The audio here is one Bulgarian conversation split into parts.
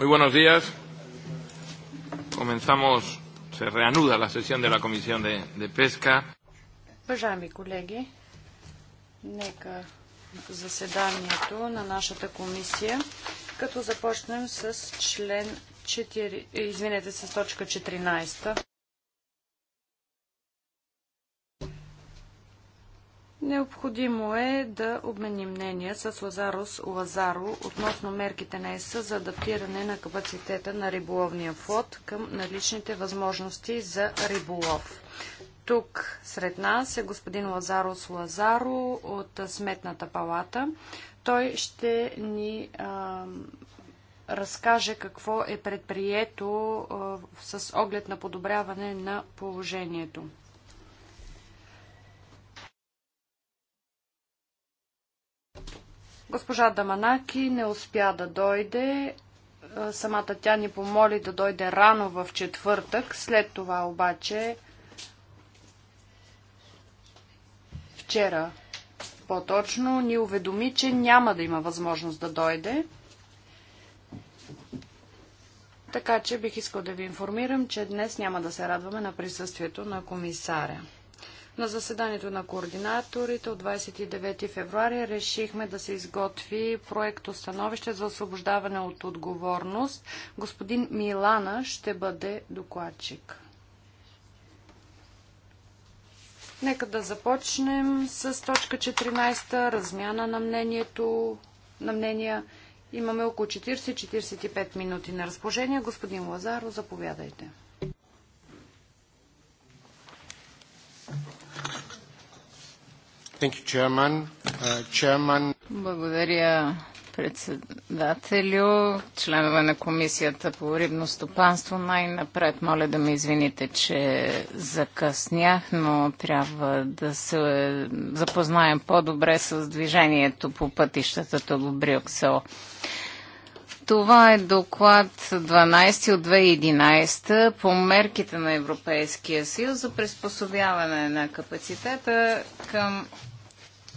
Muy buenos días. Comenzamos, se reanuda la sesión de la Comisión de, de Pesca. Уважаеми колеги, нека заседанието на нашата комисия, като започнем с член 4, извинете, с точка 14. Необходимо е да обменим мнение с Лазарос Лазаро относно мерките на ЕС за адаптиране на капацитета на риболовния флот към наличните възможности за риболов. Тук сред нас е господин Лазарос Лазаро от Сметната палата. Той ще ни а, разкаже какво е предприето а, с оглед на подобряване на положението. Госпожа Даманаки не успя да дойде. Самата тя ни помоли да дойде рано в четвъртък. След това обаче вчера по-точно ни уведоми, че няма да има възможност да дойде. Така че бих искал да ви информирам, че днес няма да се радваме на присъствието на комисаря. На заседанието на координаторите от 29 февруари решихме да се изготви проект становище за освобождаване от отговорност. Господин Милана ще бъде докладчик. Нека да започнем с точка 14, размяна на мнението, на мнения. Имаме около 40-45 минути на разположение. Господин Лазаро, заповядайте. Uh, Благодаря, председателю, членове на Комисията по рибно стопанство. Най-напред моля да ме извините, че закъснях, но трябва да се запознаем по-добре с движението по пътищата в Брюксел. Това е доклад 12 от 2011 по мерките на Европейския съюз за приспособяване на капацитета към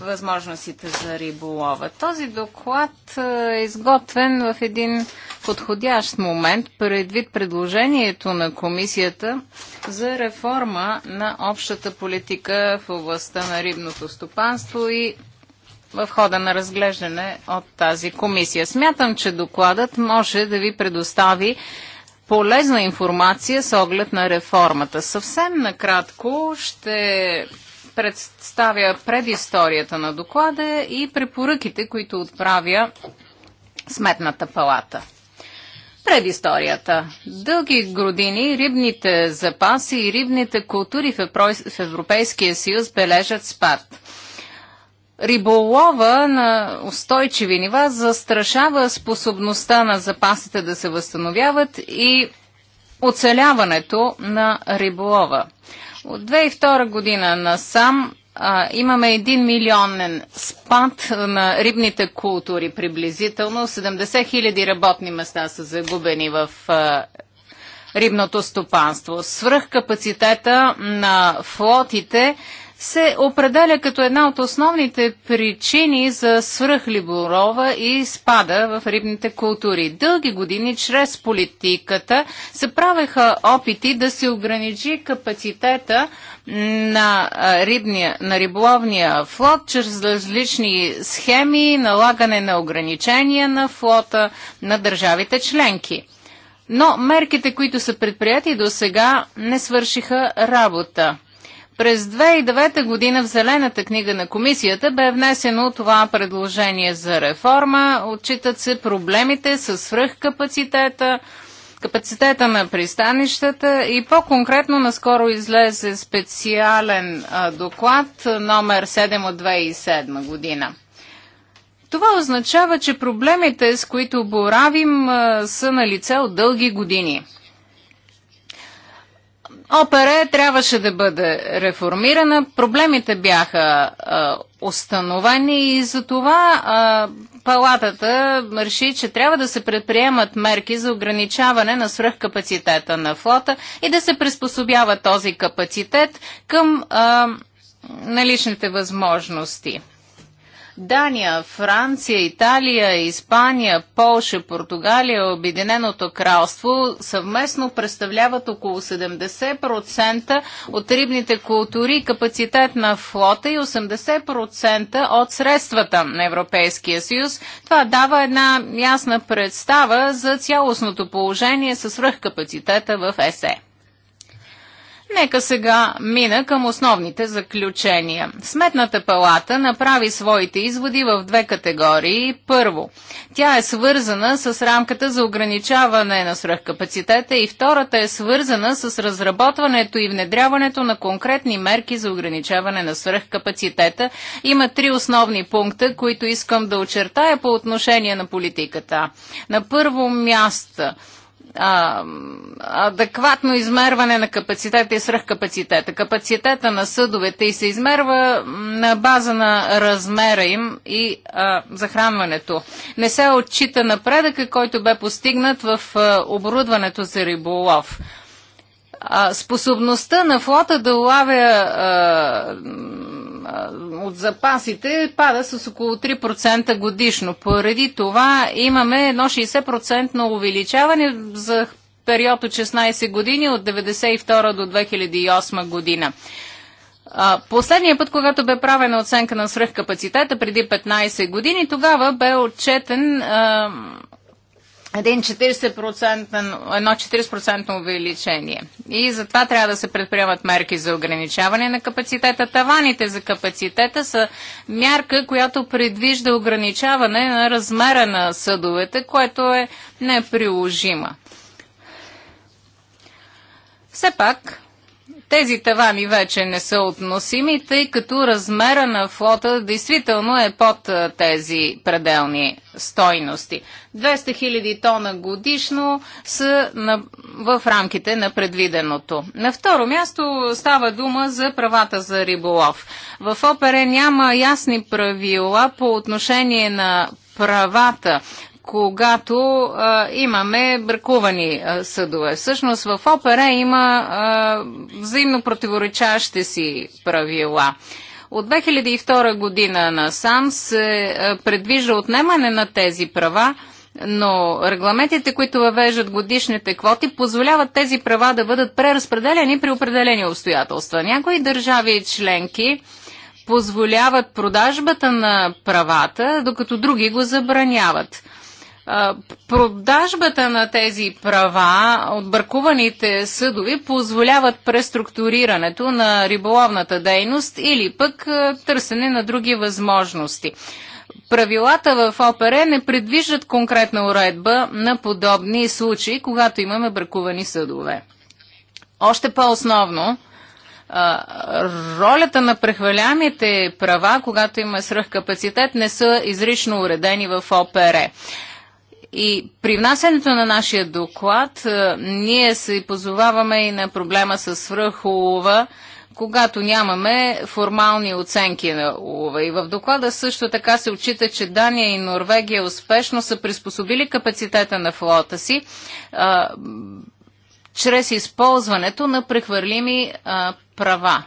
възможностите за риболова. Този доклад е, е изготвен в един подходящ момент предвид предложението на комисията за реформа на общата политика в областта на рибното стопанство и в хода на разглеждане от тази комисия. Смятам, че докладът може да ви предостави полезна информация с оглед на реформата. Съвсем накратко ще представя предисторията на доклада и препоръките, които отправя Сметната палата. Предисторията. Дълги години рибните запаси и рибните култури в Европейския съюз бележат спад. Риболова на устойчиви нива застрашава способността на запасите да се възстановяват и оцеляването на риболова. От 2002 година насам а, имаме 1 милионен спад на рибните култури приблизително. 70 хиляди работни места са загубени в а, рибното стопанство. Свръхкапацитета на флотите се определя като една от основните причини за свръхлиборова и спада в рибните култури. Дълги години чрез политиката се правеха опити да се ограничи капацитета на, рибния, на риболовния флот чрез различни схеми, налагане на ограничения на флота на държавите членки. Но мерките, които са предприяти до сега, не свършиха работа. През 2009 година в Зелената книга на комисията бе внесено това предложение за реформа. Отчитат се проблемите с свръхкапацитета, капацитета на пристанищата и по-конкретно наскоро излезе специален доклад номер 7 от 2007 година. Това означава, че проблемите, с които боравим, са на лице от дълги години – ОПР трябваше да бъде реформирана. Проблемите бяха а, установени и затова а, палатата реши, че трябва да се предприемат мерки за ограничаване на свръхкапацитета на флота и да се приспособява този капацитет към а, наличните възможности. Дания, Франция, Италия, Испания, Полша, Португалия, Обединеното кралство съвместно представляват около 70% от рибните култури, капацитет на флота и 80% от средствата на Европейския съюз. Това дава една ясна представа за цялостното положение със свръхкапацитета в ЕСЕ. Нека сега мина към основните заключения. Сметната палата направи своите изводи в две категории. Първо, тя е свързана с рамката за ограничаване на свръхкапацитета и втората е свързана с разработването и внедряването на конкретни мерки за ограничаване на свръхкапацитета. Има три основни пункта, които искам да очертая по отношение на политиката. На първо място а, адекватно измерване на капацитета и свръхкапацитета. Капацитета на съдовете и се измерва на база на размера им и а, захранването. Не се отчита напредъка, който бе постигнат в а, оборудването за риболов. А, способността на флота да улавя а, от запасите пада с около 3% годишно. Поради това имаме едно 60% увеличаване за период от 16 години от 1992 до 2008 година. Последния път, когато бе правена оценка на свръхкапацитета преди 15 години, тогава бе отчетен един 40%, едно 40% увеличение. И затова трябва да се предприемат мерки за ограничаване на капацитета. Таваните за капацитета са мярка, която предвижда ограничаване на размера на съдовете, което е неприложима. Все пак, тези тавани вече не са относими, тъй като размера на флота действително е под тези пределни стойности. 200 000 тона годишно са на, в рамките на предвиденото. На второ място става дума за правата за риболов. В ОПР няма ясни правила по отношение на правата когато а, имаме бракувани а, съдове. Всъщност в опера има а, взаимно противоречащи си правила. От 2002 година насам се предвижда отнемане на тези права, но регламентите, които въвеждат годишните квоти, позволяват тези права да бъдат преразпределени при определени обстоятелства. Някои държави и членки позволяват продажбата на правата, докато други го забраняват. Продажбата на тези права от бъркуваните съдови позволяват преструктурирането на риболовната дейност или пък търсене на други възможности. Правилата в ОПР не предвиждат конкретна уредба на подобни случаи, когато имаме бракувани съдове. Още по-основно, ролята на прехвалямите права, когато има свръхкапацитет, не са изрично уредени в ОПР. И при внасянето на нашия доклад е, ние се позоваваме и на проблема с свръхулова, когато нямаме формални оценки на улова. И в доклада също така се отчита, че Дания и Норвегия успешно са приспособили капацитета на флота си а, е, чрез използването на прехвърлими а, е, права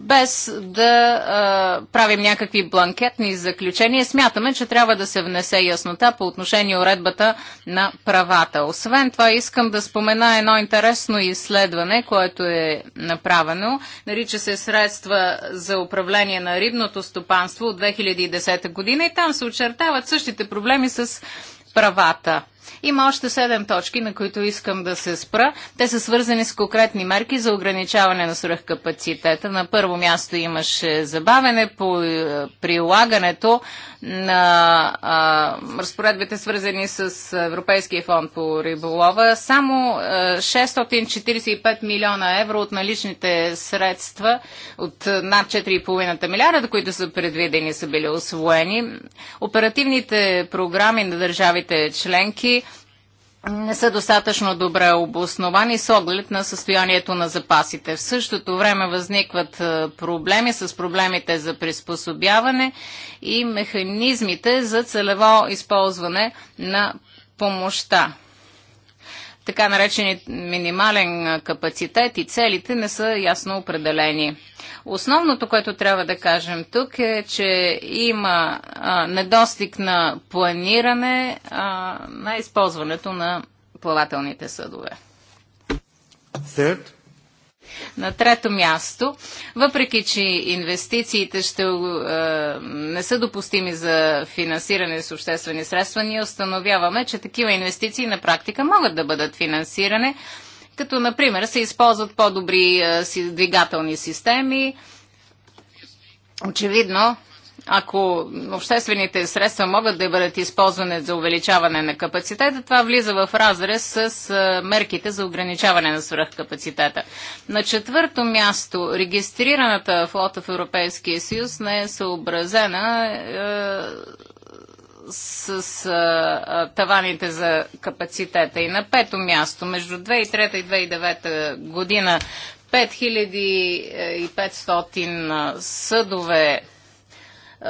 без да а, правим някакви бланкетни заключения, смятаме, че трябва да се внесе яснота по отношение уредбата на правата. Освен това, искам да спомена едно интересно изследване, което е направено. Нарича се средства за управление на рибното стопанство от 2010 година и там се очертават същите проблеми с правата. Има още 7 точки, на които искам да се спра. Те са свързани с конкретни мерки за ограничаване на свръхкапацитета. На първо място имаше забавене по е, прилагането на а, разпоредбите, свързани с Европейския фонд по риболова. Само 645 е, милиона евро от наличните средства от над 4,5 милиарда, които са предвидени, са били освоени. Оперативните програми на държавите членки не са достатъчно добре обосновани с оглед на състоянието на запасите. В същото време възникват е, проблеми с проблемите за приспособяване и механизмите за целево използване на помощта така наречени минимален капацитет и целите не са ясно определени. Основното, което трябва да кажем тук е, че има а, недостиг на планиране а, на използването на плавателните съдове. Third, на трето място, въпреки че инвестициите ще, е, не са допустими за финансиране с обществени средства, ние установяваме, че такива инвестиции на практика могат да бъдат финансиране, като например се използват по-добри е, двигателни системи. Очевидно, ако обществените средства могат да бъдат използвани за увеличаване на капацитета, това влиза в разрез с мерките за ограничаване на свръхкапацитета. На четвърто място, регистрираната флота в Европейския съюз не е съобразена с а, таваните за капацитета. И на пето място, между 2003 и 2009 година, 5500 е, съдове е,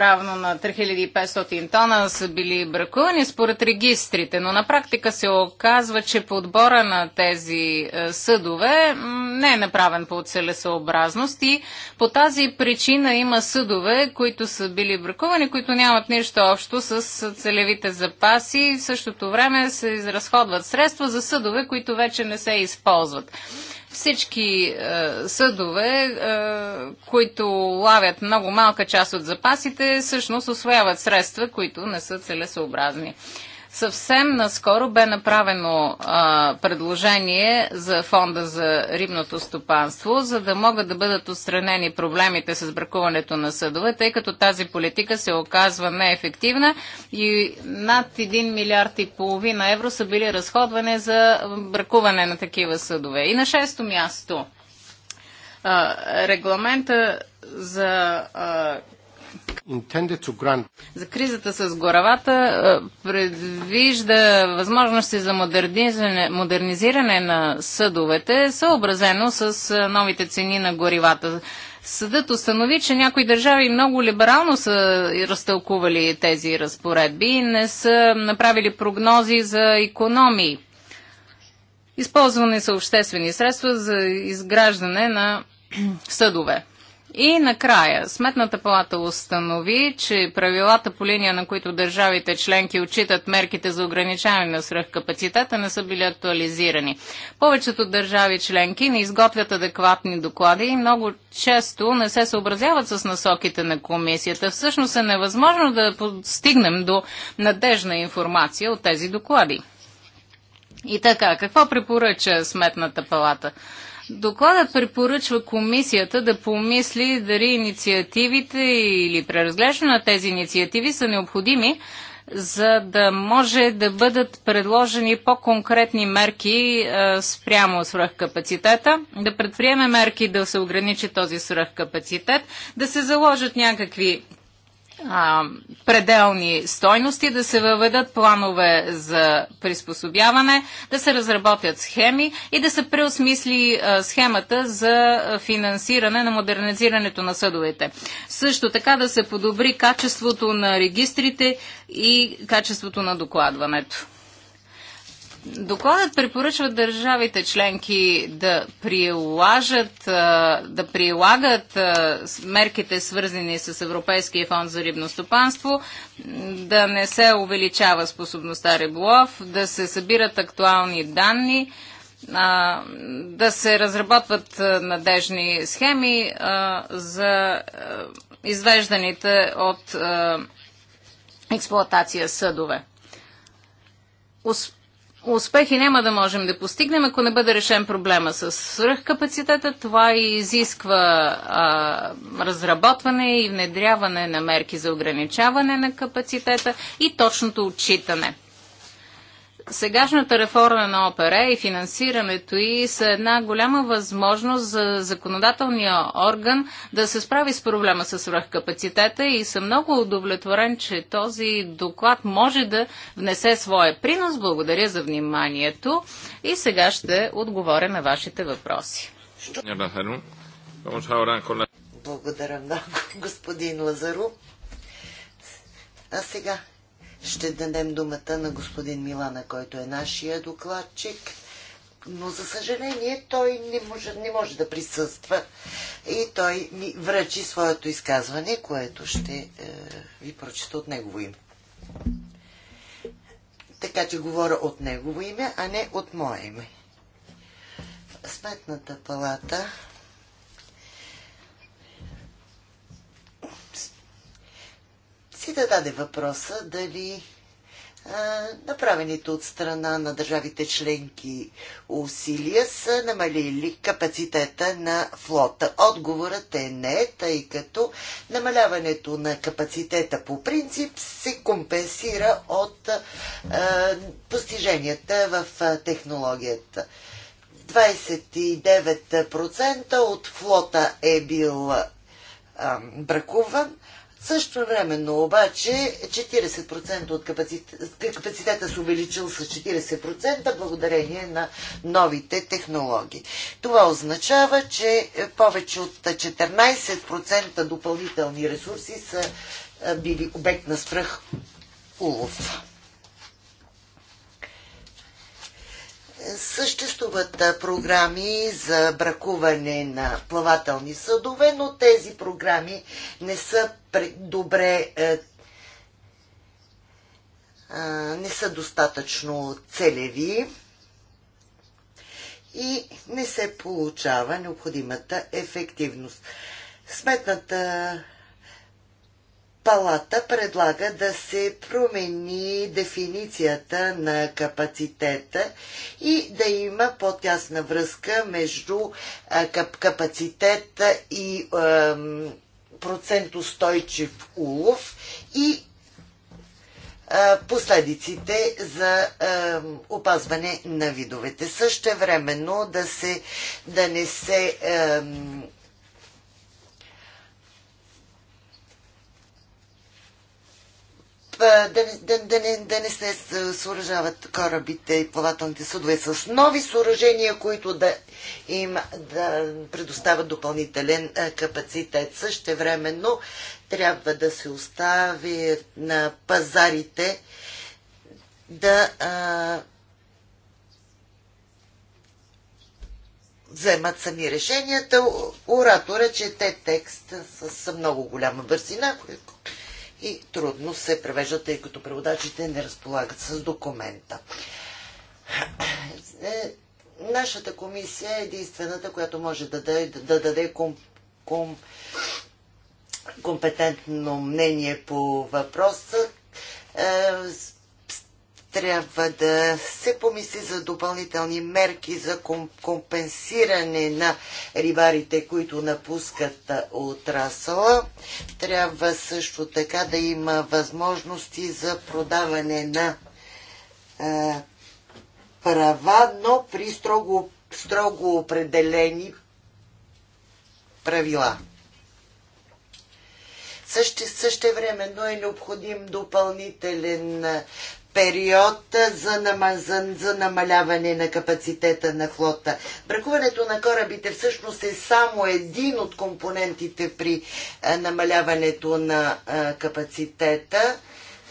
равно на 3500 тона са били бракувани според регистрите, но на практика се оказва, че подбора на тези е, съдове не е направен по целесообразност и по тази причина има съдове, които са били бракувани, които нямат нищо общо с целевите запаси и в същото време се изразходват средства за съдове, които вече не се използват всички е, съдове, е, които лавят много малка част от запасите, всъщност освояват средства, които не са целесообразни. Е, Съвсем наскоро бе направено а, предложение за фонда за рибното стопанство, за да могат да бъдат отстранени проблемите с бракуването на съдове, тъй като тази политика се оказва неефективна и над 1 милиард и половина евро са били разходване за бракуване на такива съдове. И на шесто място а, регламента за а, за кризата с горавата е, предвижда възможности за модернизиране, модернизиране на съдовете, съобразено с е, новите цени на горивата. Съдът установи, че някои държави много либерално са разтълкували тези разпоредби и не са направили прогнози за економии. Използвани са обществени средства за изграждане на съдове. И накрая, Сметната палата установи, че правилата по линия на които държавите членки отчитат мерките за ограничаване на свръхкапацитета не са били актуализирани. Повечето държави членки не изготвят адекватни доклади и много често не се съобразяват с насоките на комисията. Всъщност е невъзможно да постигнем до надежна информация от тези доклади. И така, какво препоръча Сметната палата? Докладът препоръчва комисията да помисли дали инициативите или преразглеждане на тези инициативи са необходими, за да може да бъдат предложени по-конкретни мерки а, е, спрямо свръхкапацитета, да предприеме мерки да се ограничи този свръхкапацитет, да се заложат някакви а, пределни стойности, да се въведат планове за приспособяване, да се разработят схеми и да се преосмисли а, схемата за финансиране на модернизирането на съдовете. Също така да се подобри качеството на регистрите и качеството на докладването. Докладът препоръчва държавите членки да прилажат, да прилагат мерките свързани с Европейския фонд за рибно стопанство, да не се увеличава способността риболов, да се събират актуални данни, да се разработват надежни схеми за извежданите от експлоатация съдове успехи няма да можем да постигнем, ако не бъде решен проблема с свръхкапацитета. Това изисква а, разработване и внедряване на мерки за ограничаване на капацитета и точното отчитане. Сегашната реформа на опера и финансирането и са една голяма възможност за законодателния орган да се справи с проблема с свръхкапацитета и съм много удовлетворен, че този доклад може да внесе своя принос. Благодаря за вниманието и сега ще отговоря на вашите въпроси. Благодаря много, господин Лазаро. А сега ще дадем думата на господин Милана, който е нашия докладчик. Но за съжаление той не може, не може да присъства и той ми връчи своето изказване, което ще е, ви прочета от негово име. Така че говоря от негово име, а не от мое име. Сметната палата си зададе даде въпроса дали направените от страна на държавите членки усилия са намалили капацитета на флота. Отговорът е не, тъй като намаляването на капацитета по принцип се компенсира от а, постиженията в технологията. 29% от флота е бил а, бракуван, също времено обаче 40% от капацитета, капацитета се увеличил с 40% благодарение на новите технологии. Това означава, че повече от 14% допълнителни ресурси са били обект на свръх улов. Съществуват програми за бракуване на плавателни съдове, но тези програми не са добре е, не са достатъчно целеви и не се получава необходимата ефективност. Сметната Палата предлага да се промени дефиницията на капацитета и да има по-тясна връзка между капацитета и процент устойчив улов и последиците за опазване на видовете. Също времено да, се, да не се да, да, да, не, да не се съоръжават корабите и плавателните съдове с нови съоръжения, които да им да предоставят допълнителен капацитет. Същевременно трябва да се остави на пазарите да а, вземат сами решенията. Оратора чете текст с много голяма бързина, и трудно се превеждат, тъй като преводачите не разполагат с документа. Е, нашата комисия е единствената, която може да даде, да даде ком, ком, компетентно мнение по въпроса е, трябва да се помисли за допълнителни мерки за компенсиране на рибарите, които напускат отрасъла. Трябва също така да има възможности за продаване на е, права, но при строго, строго определени правила. Също, времено е необходим допълнителен период за, нама, за, за намаляване на капацитета на флота. Бракуването на корабите всъщност е само един от компонентите при а, е, намаляването на а, е, капацитета.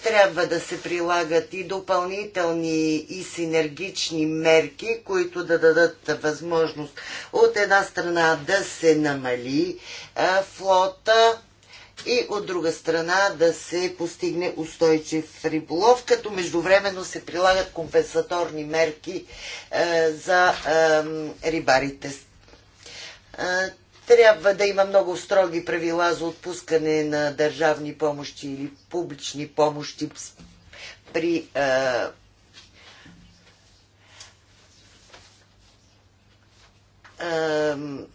Трябва да се прилагат и допълнителни и синергични мерки, които да дадат възможност от една страна да се намали а, е, флота, и от друга страна да се постигне устойчив риболов, като междувременно се прилагат компенсаторни мерки е, за е, рибарите. Е, трябва да има много строги правила за отпускане на държавни помощи или публични помощи при е, е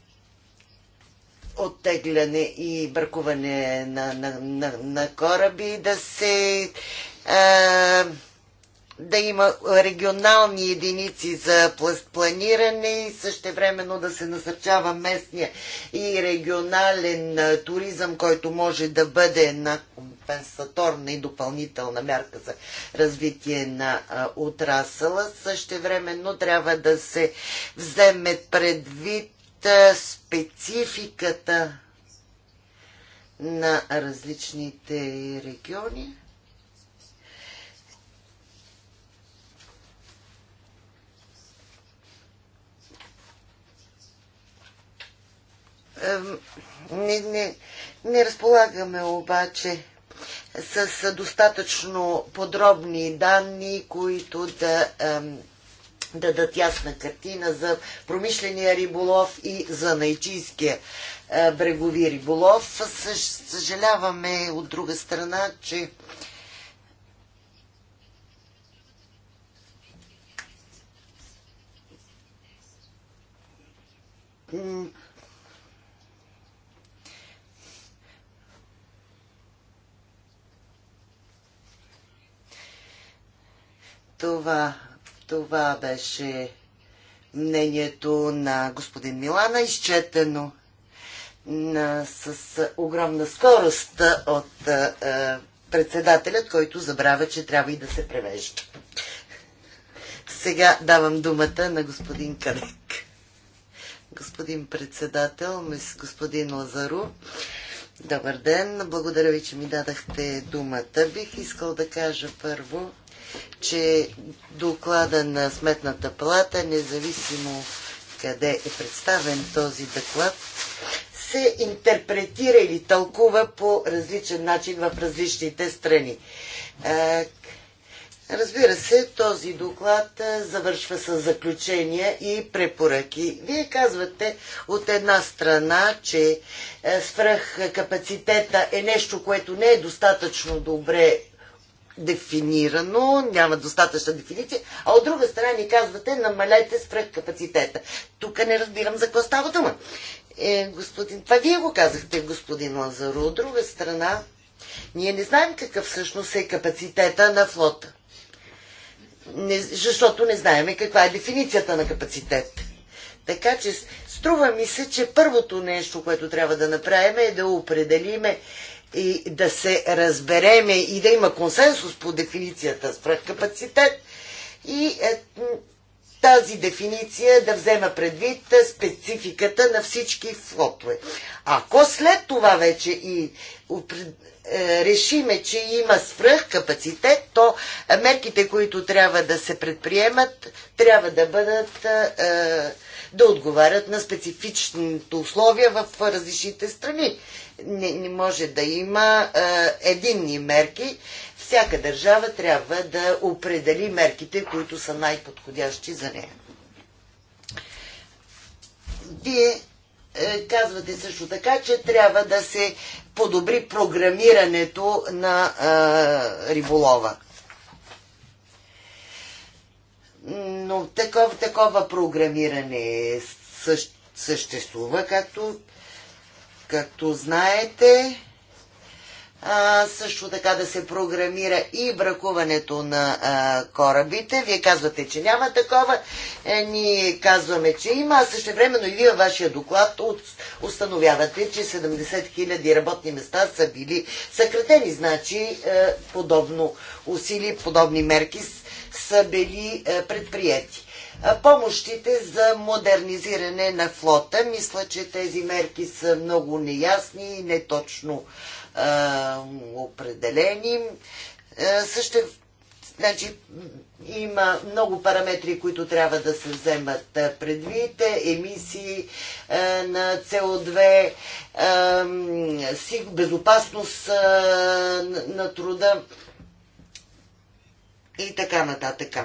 оттегляне и бъркуване на, на, на, на кораби, да се а, да има регионални единици за планиране и същевременно да се насърчава местния и регионален туризъм, който може да бъде на компенсаторна и допълнителна мярка за развитие на отрасъла. Същевременно трябва да се вземе предвид спецификата на различните региони. Не, не, не разполагаме обаче с достатъчно подробни данни, които да ем, дадат ясна картина за промишления риболов и за найчийския е, брегови риболов. Съжаляваме от друга страна, че това това беше мнението на господин Милана, изчетено на, с, с огромна скорост от е, е, председателят, който забравя, че трябва и да се превежда. Сега давам думата на господин Кадек. Господин председател, мис господин Лазаро, добър ден. Благодаря ви, че ми дадахте думата. Бих искал да кажа първо, че доклада на Сметната палата, независимо къде е представен този доклад, се интерпретира или тълкува по различен начин в различните страни. Разбира се, този доклад завършва с заключения и препоръки. Вие казвате от една страна, че свръх капацитета е нещо, което не е достатъчно добре дефинирано, няма достатъчна дефиниция, а от друга страна ни казвате намалете свръхкапацитета. Тук не разбирам за какво става дума. Е, господин, това вие го казахте, господин Лазаро. От друга страна, ние не знаем какъв всъщност е капацитета на флота. Не, защото не знаем каква е дефиницията на капацитет. Така че струва ми се, че първото нещо, което трябва да направим е да определиме и да се разбереме и да има консенсус по дефиницията свръхкапацитет и е, тази дефиниция да взема предвид е, спецификата на всички флотове. Ако след това вече и е, решиме, че има капацитет, то мерките, които трябва да се предприемат, трябва да бъдат е, е, да отговарят на специфичните условия в различните страни. Не, не може да има единни мерки. Всяка държава трябва да определи мерките, които са най-подходящи за нея. Вие казвате също така, че трябва да се подобри програмирането на а, риболова. Но такова, такова програмиране съществува, както, както знаете а, също така да се програмира и бракуването на а, корабите. Вие казвате, че няма такова, е, ние казваме, че има, а също времено и вие вашия доклад от, установявате, че 70 000 работни места са били съкратени. Значи е, подобно усилие, подобни мерки са били е, предприяти. Помощите за модернизиране на флота. Мисля, че тези мерки са много неясни и неточно точно определени. Също Значи, има много параметри, които трябва да се вземат предвид. Е, емисии на CO2, си, безопасност на труда и така нататък.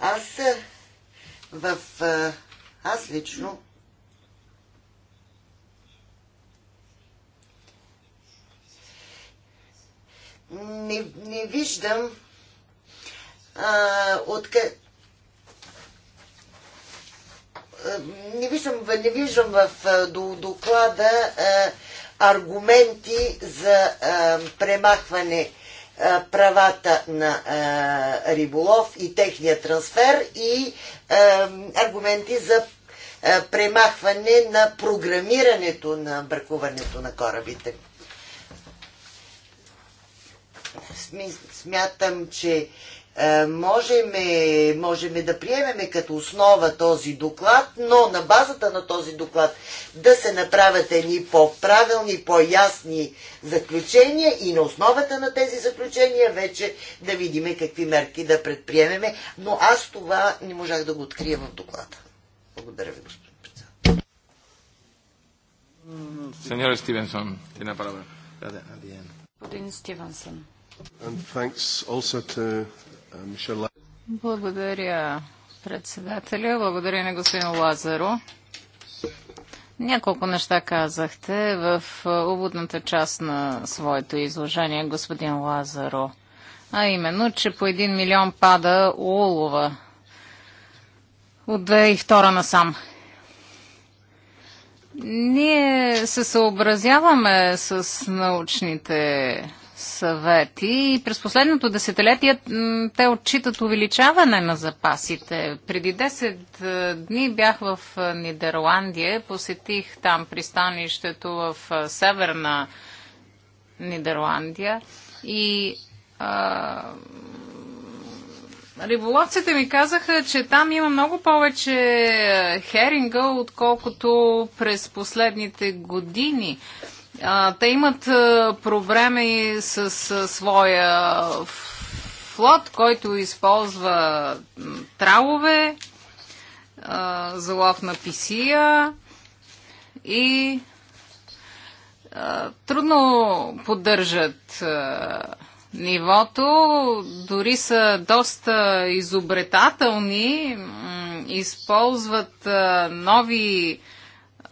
Аз в... Аз лично не, не виждам откъде не виждам, не виждам в до, доклада а, аргументи за а, премахване а, правата на а, риболов и техния трансфер и а, аргументи за а, премахване на програмирането на бракуването на корабите. смятам, че е, можеме, можеме да приемеме като основа този доклад, но на базата на този доклад да се направят едни по-правилни, по-ясни заключения и на основата на тези заключения вече да видиме какви мерки да предприемеме, но аз това не можах да го открия в доклада. Благодаря ви, господин председател. Сеньор Стивенсон, ти направя. Господин Стивенсон. Uh, Благодаря председателя. Благодаря на господин Лазаро. Няколко неща казахте в уводната част на своето изложение, господин Лазаро. А именно, че по един милион пада улова от 2002 насам. Ние се съобразяваме с научните съвети. И през последното десетилетие те отчитат увеличаване на запасите. Преди 10 е, дни бях в е, Нидерландия, посетих там пристанището в е, северна Нидерландия и а, риболовците ми казаха, че там има много повече херинга, отколкото през последните години. А, те имат проблеми с, с своя флот, който използва тралове а, за лов на писия и а, трудно поддържат а, нивото, дори са доста изобретателни, използват нови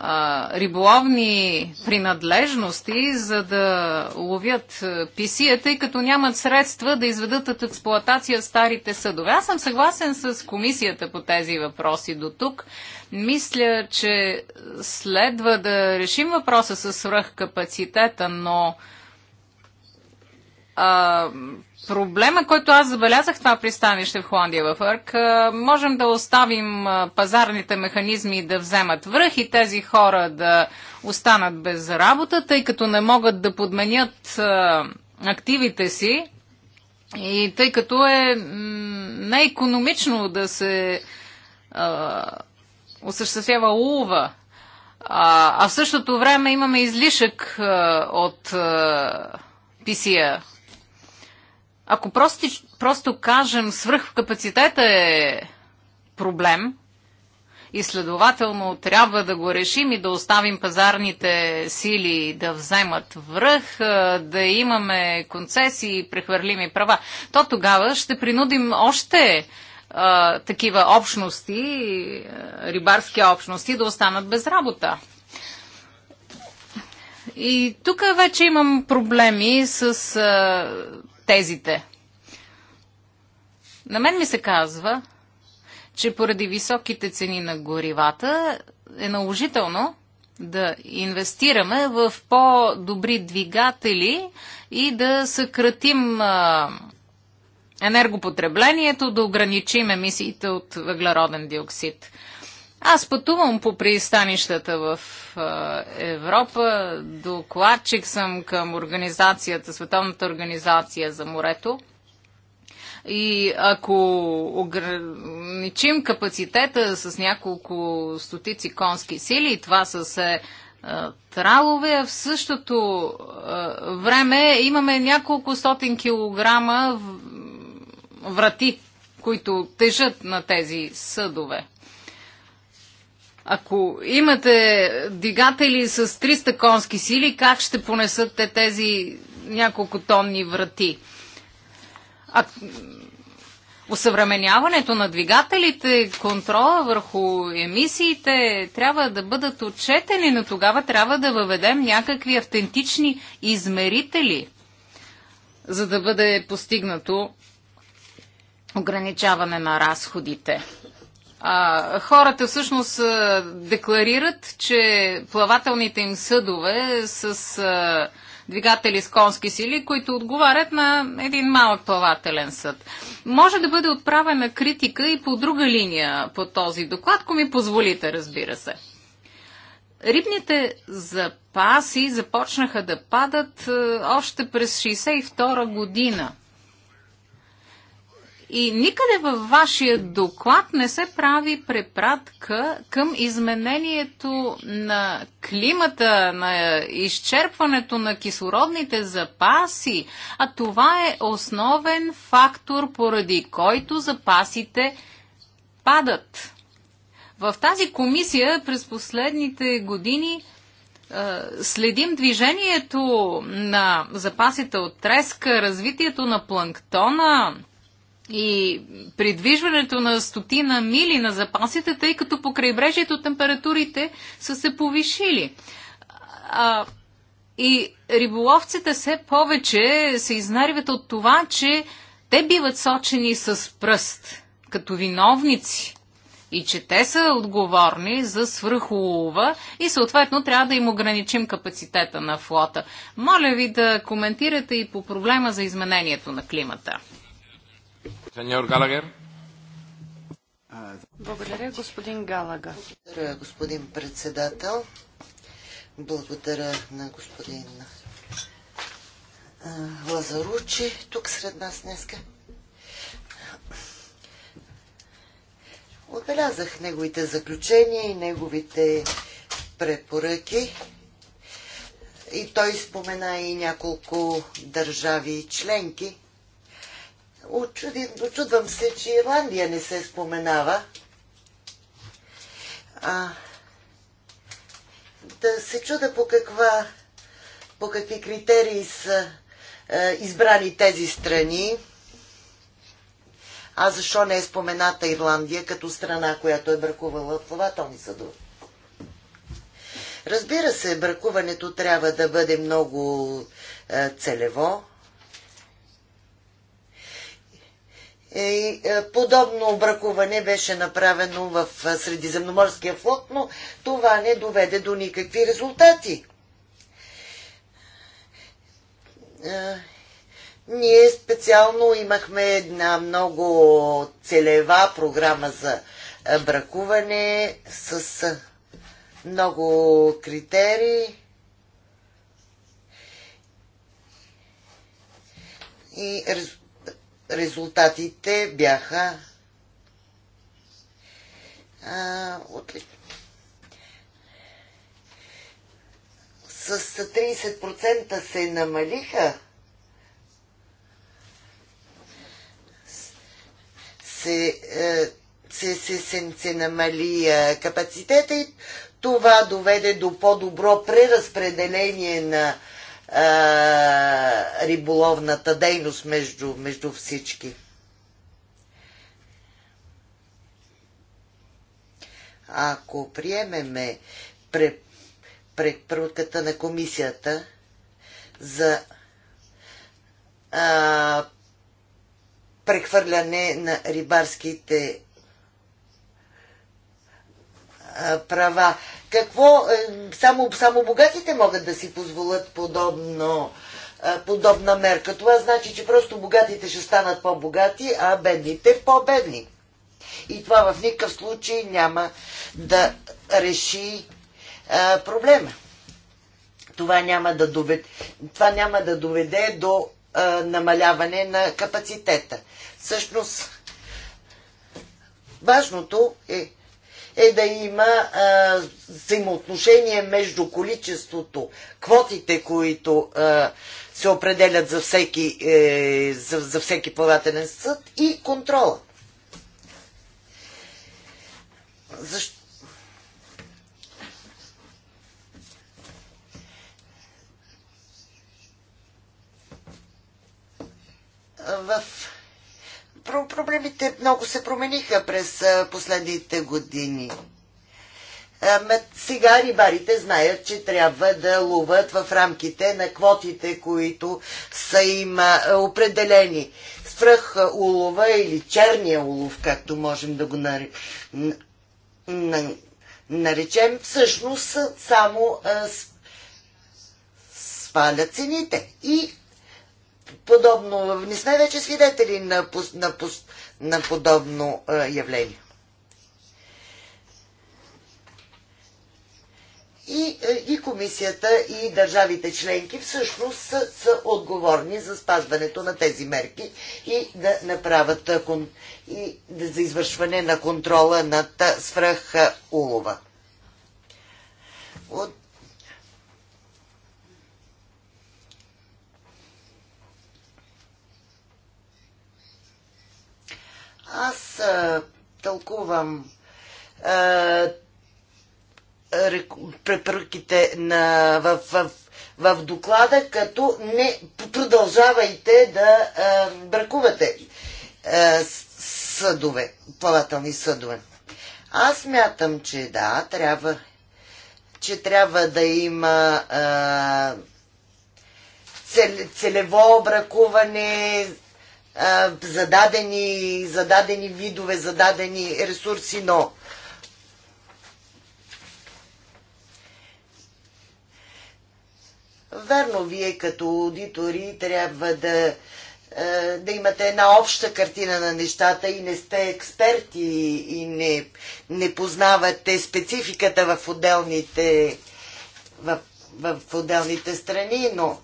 риболовни принадлежности, за да ловят писия, тъй като нямат средства да изведат от експлоатация старите съдове. Аз съм съгласен с комисията по тези въпроси до тук. Мисля, че следва да решим въпроса с свръхкапацитета, но а, проблема, който аз забелязах това пристанище в Холандия в Арк, можем да оставим пазарните механизми да вземат връх и тези хора да останат без работа, тъй като не могат да подменят активите си и тъй като е неекономично да се осъществява улова а, а в същото време имаме излишък от а, писия ако просто, просто кажем свръхкапацитета е проблем и следователно трябва да го решим и да оставим пазарните сили да вземат връх, да имаме концесии и прехвърлими права, то тогава ще принудим още а, такива общности, рибарски общности, да останат без работа. И тук вече имам проблеми с а, тезите. На мен ми се казва, че поради високите цени на горивата е наложително да инвестираме в по-добри двигатели и да съкратим енергопотреблението, да ограничим емисиите от въглероден диоксид. Аз пътувам по пристанищата в Европа. Докладчик съм към организацията, Световната организация за морето. И ако ограничим капацитета с няколко стотици конски сили, това са се тралове, в същото време имаме няколко стотин килограма врати, които тежат на тези съдове. Ако имате двигатели с 300 конски сили, как ще понесат те тези няколко тонни врати? А, Осъвременяването на двигателите, контрола върху емисиите трябва да бъдат отчетени, но тогава трябва да въведем някакви автентични измерители, за да бъде постигнато ограничаване на разходите. А, хората всъщност декларират, че плавателните им съдове с а, двигатели с конски сили, които отговарят на един малък плавателен съд. Може да бъде отправена критика и по друга линия по този доклад, ако ми позволите, разбира се. Рибните запаси започнаха да падат още през 1962 година. И никъде във вашия доклад не се прави препратка към изменението на климата, на изчерпването на кислородните запаси, а това е основен фактор, поради който запасите падат. В тази комисия през последните години е, следим движението на запасите от треска, развитието на планктона, и придвижването на стотина мили на запасите, тъй като по крайбрежието температурите са се повишили. А, и риболовците все повече се изнервят от това, че те биват сочени с пръст, като виновници и че те са отговорни за свръхулова и съответно трябва да им ограничим капацитета на флота. Моля ви да коментирате и по проблема за изменението на климата. Сеньор Галагер. Благодаря, господин Галага. Благодаря, господин председател. Благодаря на господин Лазаручи, тук сред нас днеска. Отбелязах неговите заключения и неговите препоръки. И той спомена и няколко държави и членки, Очудвам се, че Ирландия не се споменава. А, да се чуда по каква по какви критерии са е, избрани тези страни, а защо не е спомената Ирландия като страна, която е бракувала плавателни съдове. Разбира се, бракуването трябва да бъде много е, целево, Е, и е, подобно обракуване беше направено в е, Средиземноморския флот, но това не доведе до никакви резултати. Ние специално имахме една много целева програма за бракуване с много критерии. И резултати резултатите бяха а, С 30% се намалиха се, е, се, се, се, се намали е, капацитета и това доведе до по-добро преразпределение на е, риболовната дейност между, между всички. Ако приемеме препоръката на комисията за а, прехвърляне на рибарските права. Какво? Е, само, само богатите могат да си позволят подобно, подобна мерка. Това значи, че просто богатите ще станат по-богати, а бедните по-бедни. И това в никакъв случай няма да реши а, проблема. Това няма да доведе, това няма да доведе до а, намаляване на капацитета. Всъщност, важното е е да има а, взаимоотношение между количеството, квотите, които а, се определят за всеки, е, за, за всеки плавателен съд и контрола. Защо? В проблемите много се промениха през последните години. Сега рибарите знаят, че трябва да ловат в рамките на квотите, които са им определени. Свръх улова или черния улов, както можем да го наречем, всъщност само спаля цените. И подобно, не сме вече свидетели на, на, на подобно а, явление. И, и комисията, и държавите членки всъщност са, са отговорни за спазването на тези мерки и да направят и за извършване на контрола над свръх улова. От Аз а, тълкувам а, препръките на, в, в, в доклада, като не продължавайте да а, бракувате а, съдове, плавателни съдове. Аз мятам, че да, трябва, че трябва да има а, цел, целево бракуване, зададени, зададени видове, зададени ресурси, но Верно, вие като аудитори трябва да, да имате една обща картина на нещата и не сте експерти и не, не познавате спецификата в отделните, в, в отделните страни, но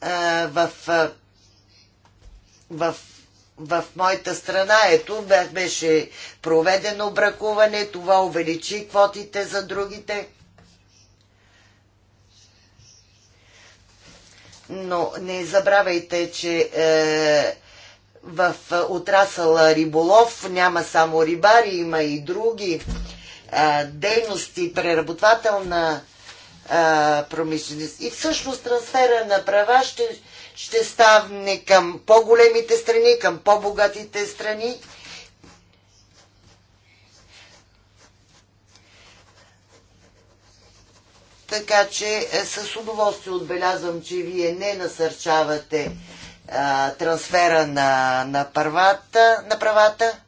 в, в, в моята страна. Ето, беше проведено бракуване, това увеличи квотите за другите. Но не забравяйте, че е, в отрасъла риболов няма само рибари, има и други е, дейности, преработвателна промишленост. И всъщност трансфера на права ще, ще ставне към по-големите страни, към по-богатите страни. Така че е, с удоволствие отбелязвам, че вие не насърчавате а, трансфера на, на, правата, на правата.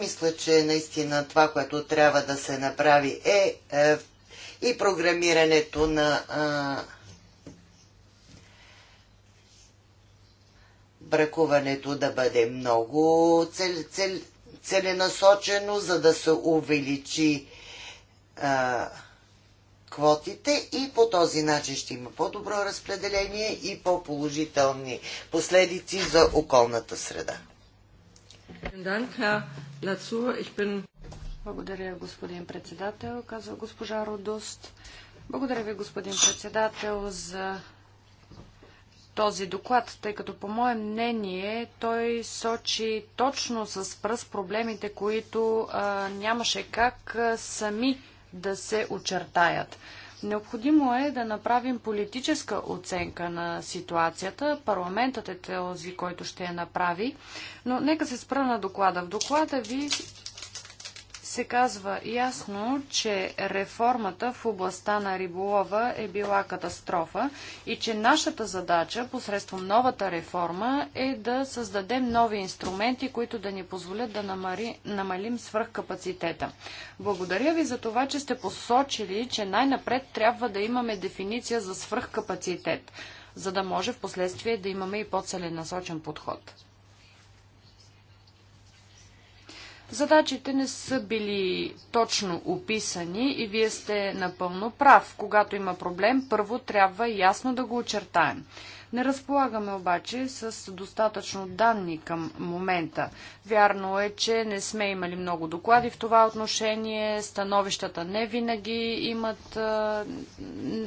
мисля, че наистина това, което трябва да се направи е, е и програмирането на а, бракуването да бъде много цел, цел, целенасочено, за да се увеличи квотите и по този начин ще има по-добро разпределение и по-положителни последици за околната среда. Благодаря, господин председател, казва госпожа Родост. Благодаря ви, господин председател, за този доклад, тъй като по мое мнение той сочи точно с пръст проблемите, които а, нямаше как а, сами да се очертаят. Необходимо е да направим политическа оценка на ситуацията. Парламентът е този, който ще я направи. Но нека се спра на доклада. В доклада ви се казва ясно, че реформата в областта на риболова е била катастрофа и че нашата задача посредством новата реформа е да създадем нови инструменти, които да ни позволят да намали, намалим свръхкапацитета. Благодаря ви за това, че сте посочили, че най-напред трябва да имаме дефиниция за свръхкапацитет, за да може в последствие да имаме и по-целенасочен подход. Задачите не са били точно описани и вие сте напълно прав. Когато има проблем, първо трябва ясно да го очертаем. Не разполагаме обаче с достатъчно данни към момента. Вярно е, че не сме имали много доклади в това отношение, становищата не винаги имат,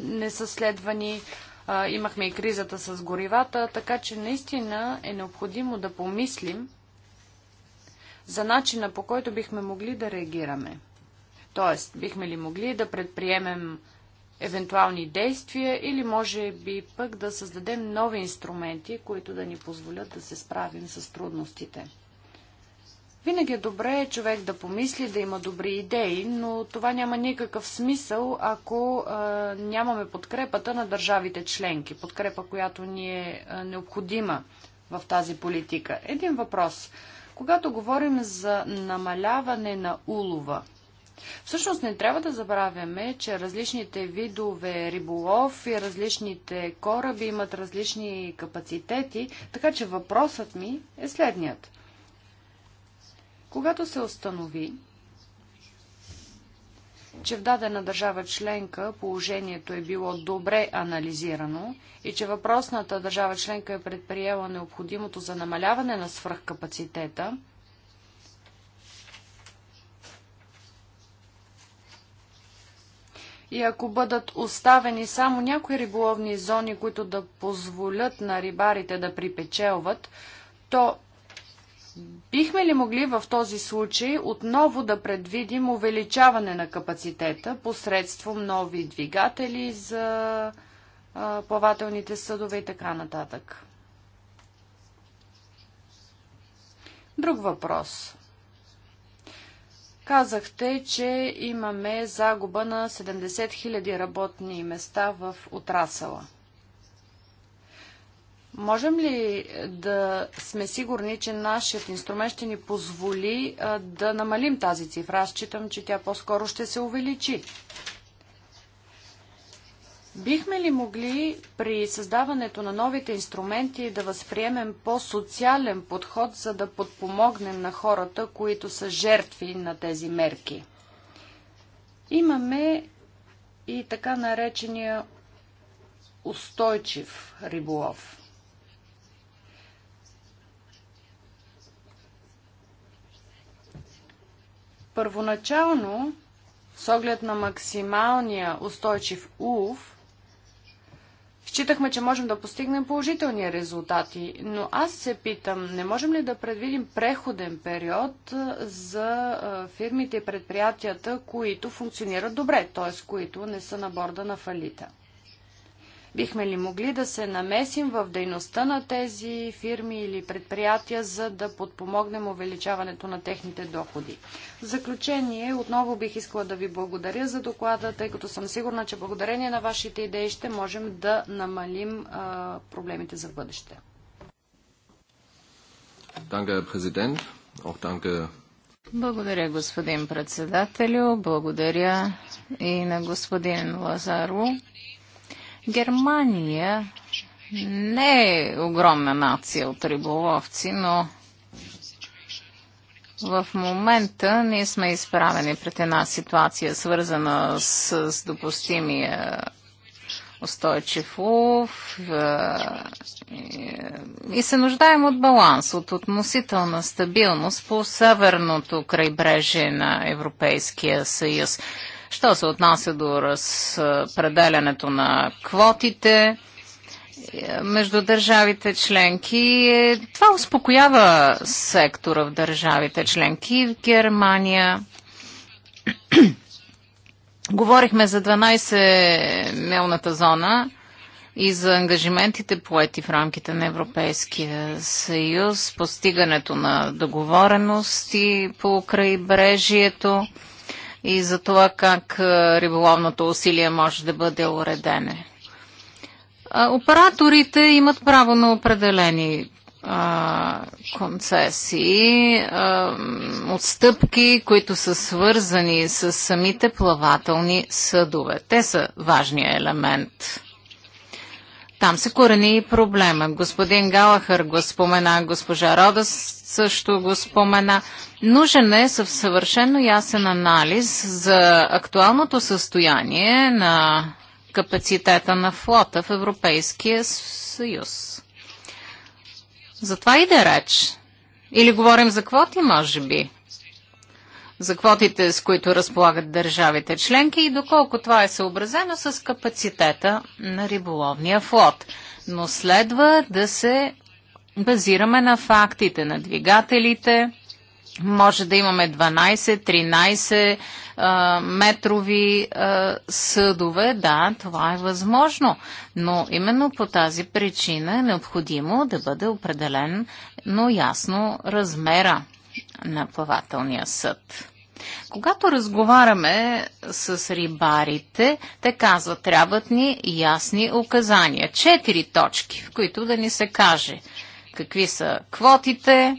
несъследвани, имахме и кризата с горивата, така че наистина е необходимо да помислим за начина по който бихме могли да реагираме. Тоест, бихме ли могли да предприемем евентуални действия или може би пък да създадем нови инструменти, които да ни позволят да се справим с трудностите. Винаги е добре човек да помисли, да има добри идеи, но това няма никакъв смисъл, ако а, нямаме подкрепата на държавите членки, подкрепа, която ни е необходима в тази политика. Един въпрос. Когато говорим за намаляване на улова, Всъщност не трябва да забравяме, че различните видове риболов и различните кораби имат различни капацитети, така че въпросът ми е следният. Когато се установи, че в дадена държава членка положението е било добре анализирано и че въпросната държава членка е предприела необходимото за намаляване на свръхкапацитета, И ако бъдат оставени само някои риболовни зони, които да позволят на рибарите да припечелват, то Бихме ли могли в този случай отново да предвидим увеличаване на капацитета посредством нови двигатели за а, плавателните съдове и така нататък? Друг въпрос. Казахте, че имаме загуба на 70 000 работни места в отрасъла. Можем ли да сме сигурни, че нашият инструмент ще ни позволи да намалим тази цифра? Аз считам, че тя по-скоро ще се увеличи. Бихме ли могли при създаването на новите инструменти да възприемем по-социален подход, за да подпомогнем на хората, които са жертви на тези мерки? Имаме и така наречения устойчив риболов. Първоначално, с оглед на максималния устойчив ув, Считахме, че можем да постигнем положителни резултати, но аз се питам, не можем ли да предвидим преходен период за фирмите и предприятията, които функционират добре, т.е. които не са на борда на фалита? Бихме ли могли да се намесим в дейността на тези фирми или предприятия, за да подпомогнем увеличаването на техните доходи? В заключение, отново бих искала да ви благодаря за доклада, тъй като съм сигурна, че благодарение на вашите идеи ще можем да намалим а, проблемите за бъдеще. Благодаря, господин председателю. Благодаря и на господин Лазаро. Германия не е огромна нация от риболовци, но в момента ние сме изправени пред една ситуация, свързана с, с допустимия устойчив лов и се нуждаем от баланс, от относителна стабилност по северното крайбрежие на Европейския съюз. Що се отнася до разпределянето на квотите, е, между държавите членки. Е, това успокоява сектора в държавите членки в Германия. Говорихме за 12-милната зона и за ангажиментите поети в рамките на Европейския съюз, постигането на договорености по крайбрежието. брежието и за това как е, риболовното усилие може да бъде уредено. Операторите имат право на определени концесии, отстъпки, които са свързани с самите плавателни съдове. Те са важният елемент. Там се корени и проблема. Господин Галахър го спомена, госпожа Рода също го спомена. Нужен е съв съвършено ясен анализ за актуалното състояние на капацитета на флота в Европейския съюз. За това и да реч. Или говорим за квоти, може би за квотите, с които разполагат държавите членки и доколко това е съобразено с капацитета на риболовния флот. Но следва да се базираме на фактите, на двигателите. Може да имаме 12-13 метрови а, съдове. Да, това е възможно, но именно по тази причина е необходимо да бъде определен, но ясно размера на плавателния съд. Когато разговаряме с рибарите, те казват, трябват ни ясни указания. Четири точки, в които да ни се каже какви са квотите, е,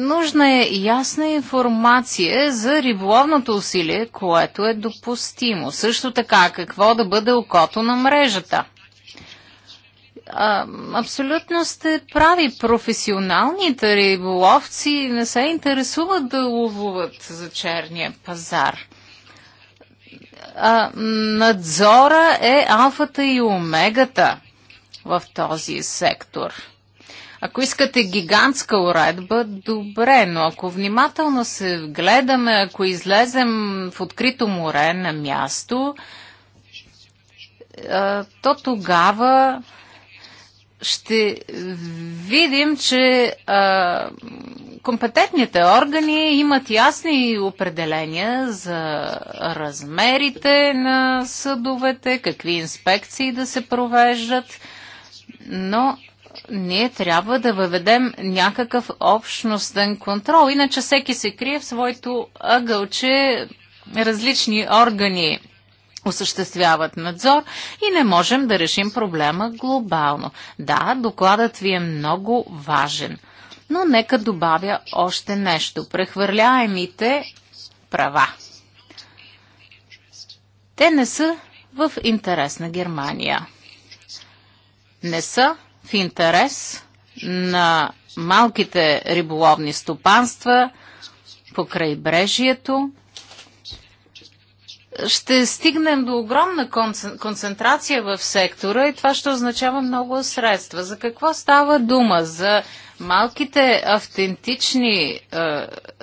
нужна е ясна информация за риболовното усилие, което е допустимо. Също така, какво да бъде окото на мрежата а, абсолютно сте прави. Професионалните риболовци не се интересуват да ловуват за черния пазар. А, надзора е алфата и омегата в този сектор. Ако искате гигантска уредба, добре, но ако внимателно се гледаме, ако излезем в открито море на място, то тогава ще видим, че а, компетентните органи имат ясни определения за размерите на съдовете, какви инспекции да се провеждат, но ние трябва да въведем някакъв общностен контрол, иначе всеки се крие в своето ъгълче различни органи осъществяват надзор и не можем да решим проблема глобално. Да, докладът ви е много важен, но нека добавя още нещо. Прехвърляемите права. Те не са в интерес на Германия. Не са в интерес на малките риболовни стопанства по крайбрежието, ще стигнем до огромна концентрация в сектора и това ще означава много средства. За какво става дума? За малките автентични е,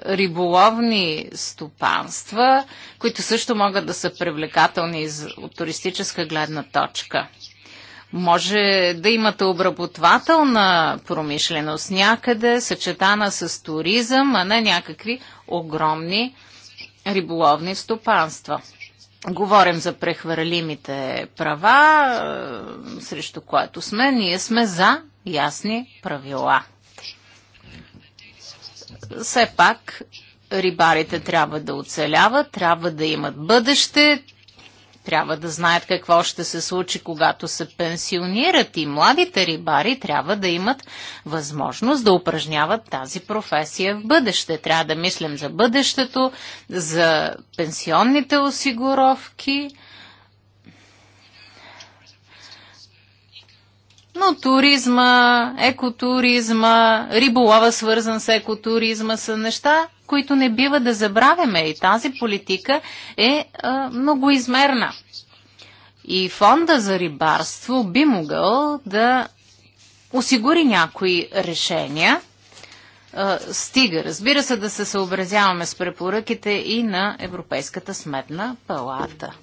риболовни стопанства, които също могат да са привлекателни от туристическа гледна точка. Може да имате обработвателна промишленост някъде, съчетана с туризъм, а не някакви огромни риболовни стопанства. Говорим за прехвърлимите права, е, срещу което сме. Ние сме за ясни правила. Все пак рибарите трябва да оцеляват, трябва да имат бъдеще, трябва да знаят какво ще се случи, когато се пенсионират и младите рибари трябва да имат възможност да упражняват тази професия в бъдеще. Трябва да мислим за бъдещето, за пенсионните осигуровки. Но туризма, екотуризма, риболова свързан с екотуризма са неща, които не бива да забравяме. И тази политика е а, многоизмерна. И фонда за рибарство би могъл да осигури някои решения, а, стига, разбира се, да се съобразяваме с препоръките и на Европейската сметна палата.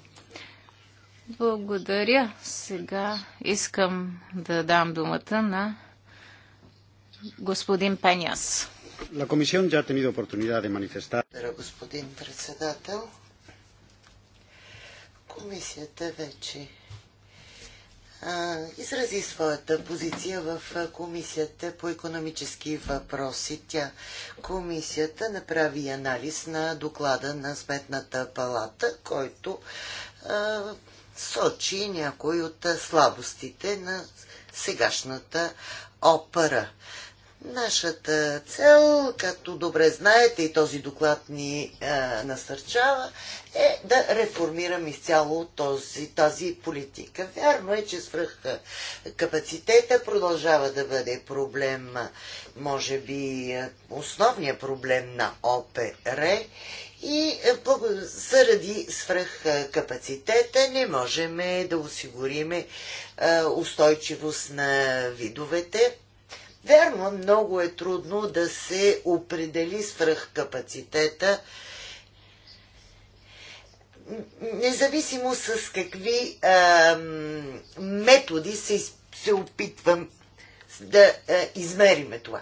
Благодаря. Сега искам да дам думата на господин Пеняс. La Comisión ya ha tenido oportunidad de manifestar. господин председател. Комисията вече а, изрази своята позиция в Комисията по економически въпроси. Тя комисията направи анализ на доклада на Сметната палата, който а, сочи някои от слабостите на сегашната опера. Нашата цел, както добре знаете и този доклад ни а, насърчава, е да реформирам изцяло този, тази политика. Вярно е, че свръх капацитета продължава да бъде проблем, може би основният проблем на ОПР и заради капацитета не можем да осигурим устойчивост на видовете Верно, много е трудно да се определи свръхкапацитета, независимо с какви а, методи се, се опитвам да а, е, измериме това.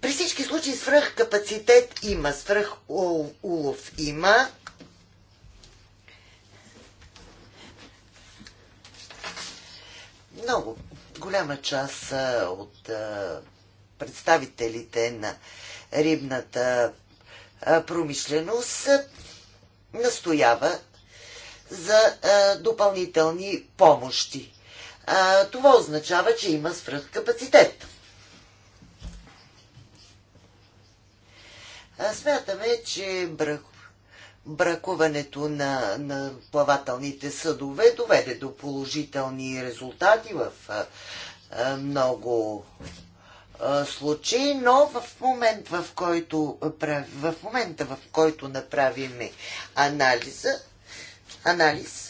При всички случаи свръхкапацитет има, свръх улов има. Много голяма част от а, е, представителите на рибната промишленост настоява за допълнителни помощи. Това означава, че има свръхкапацитет. Смятаме, че бракуването на, на плавателните съдове доведе до положителни резултати в а, много случай, но в, момент, в, който, в момента, в който направим анализа, анализ,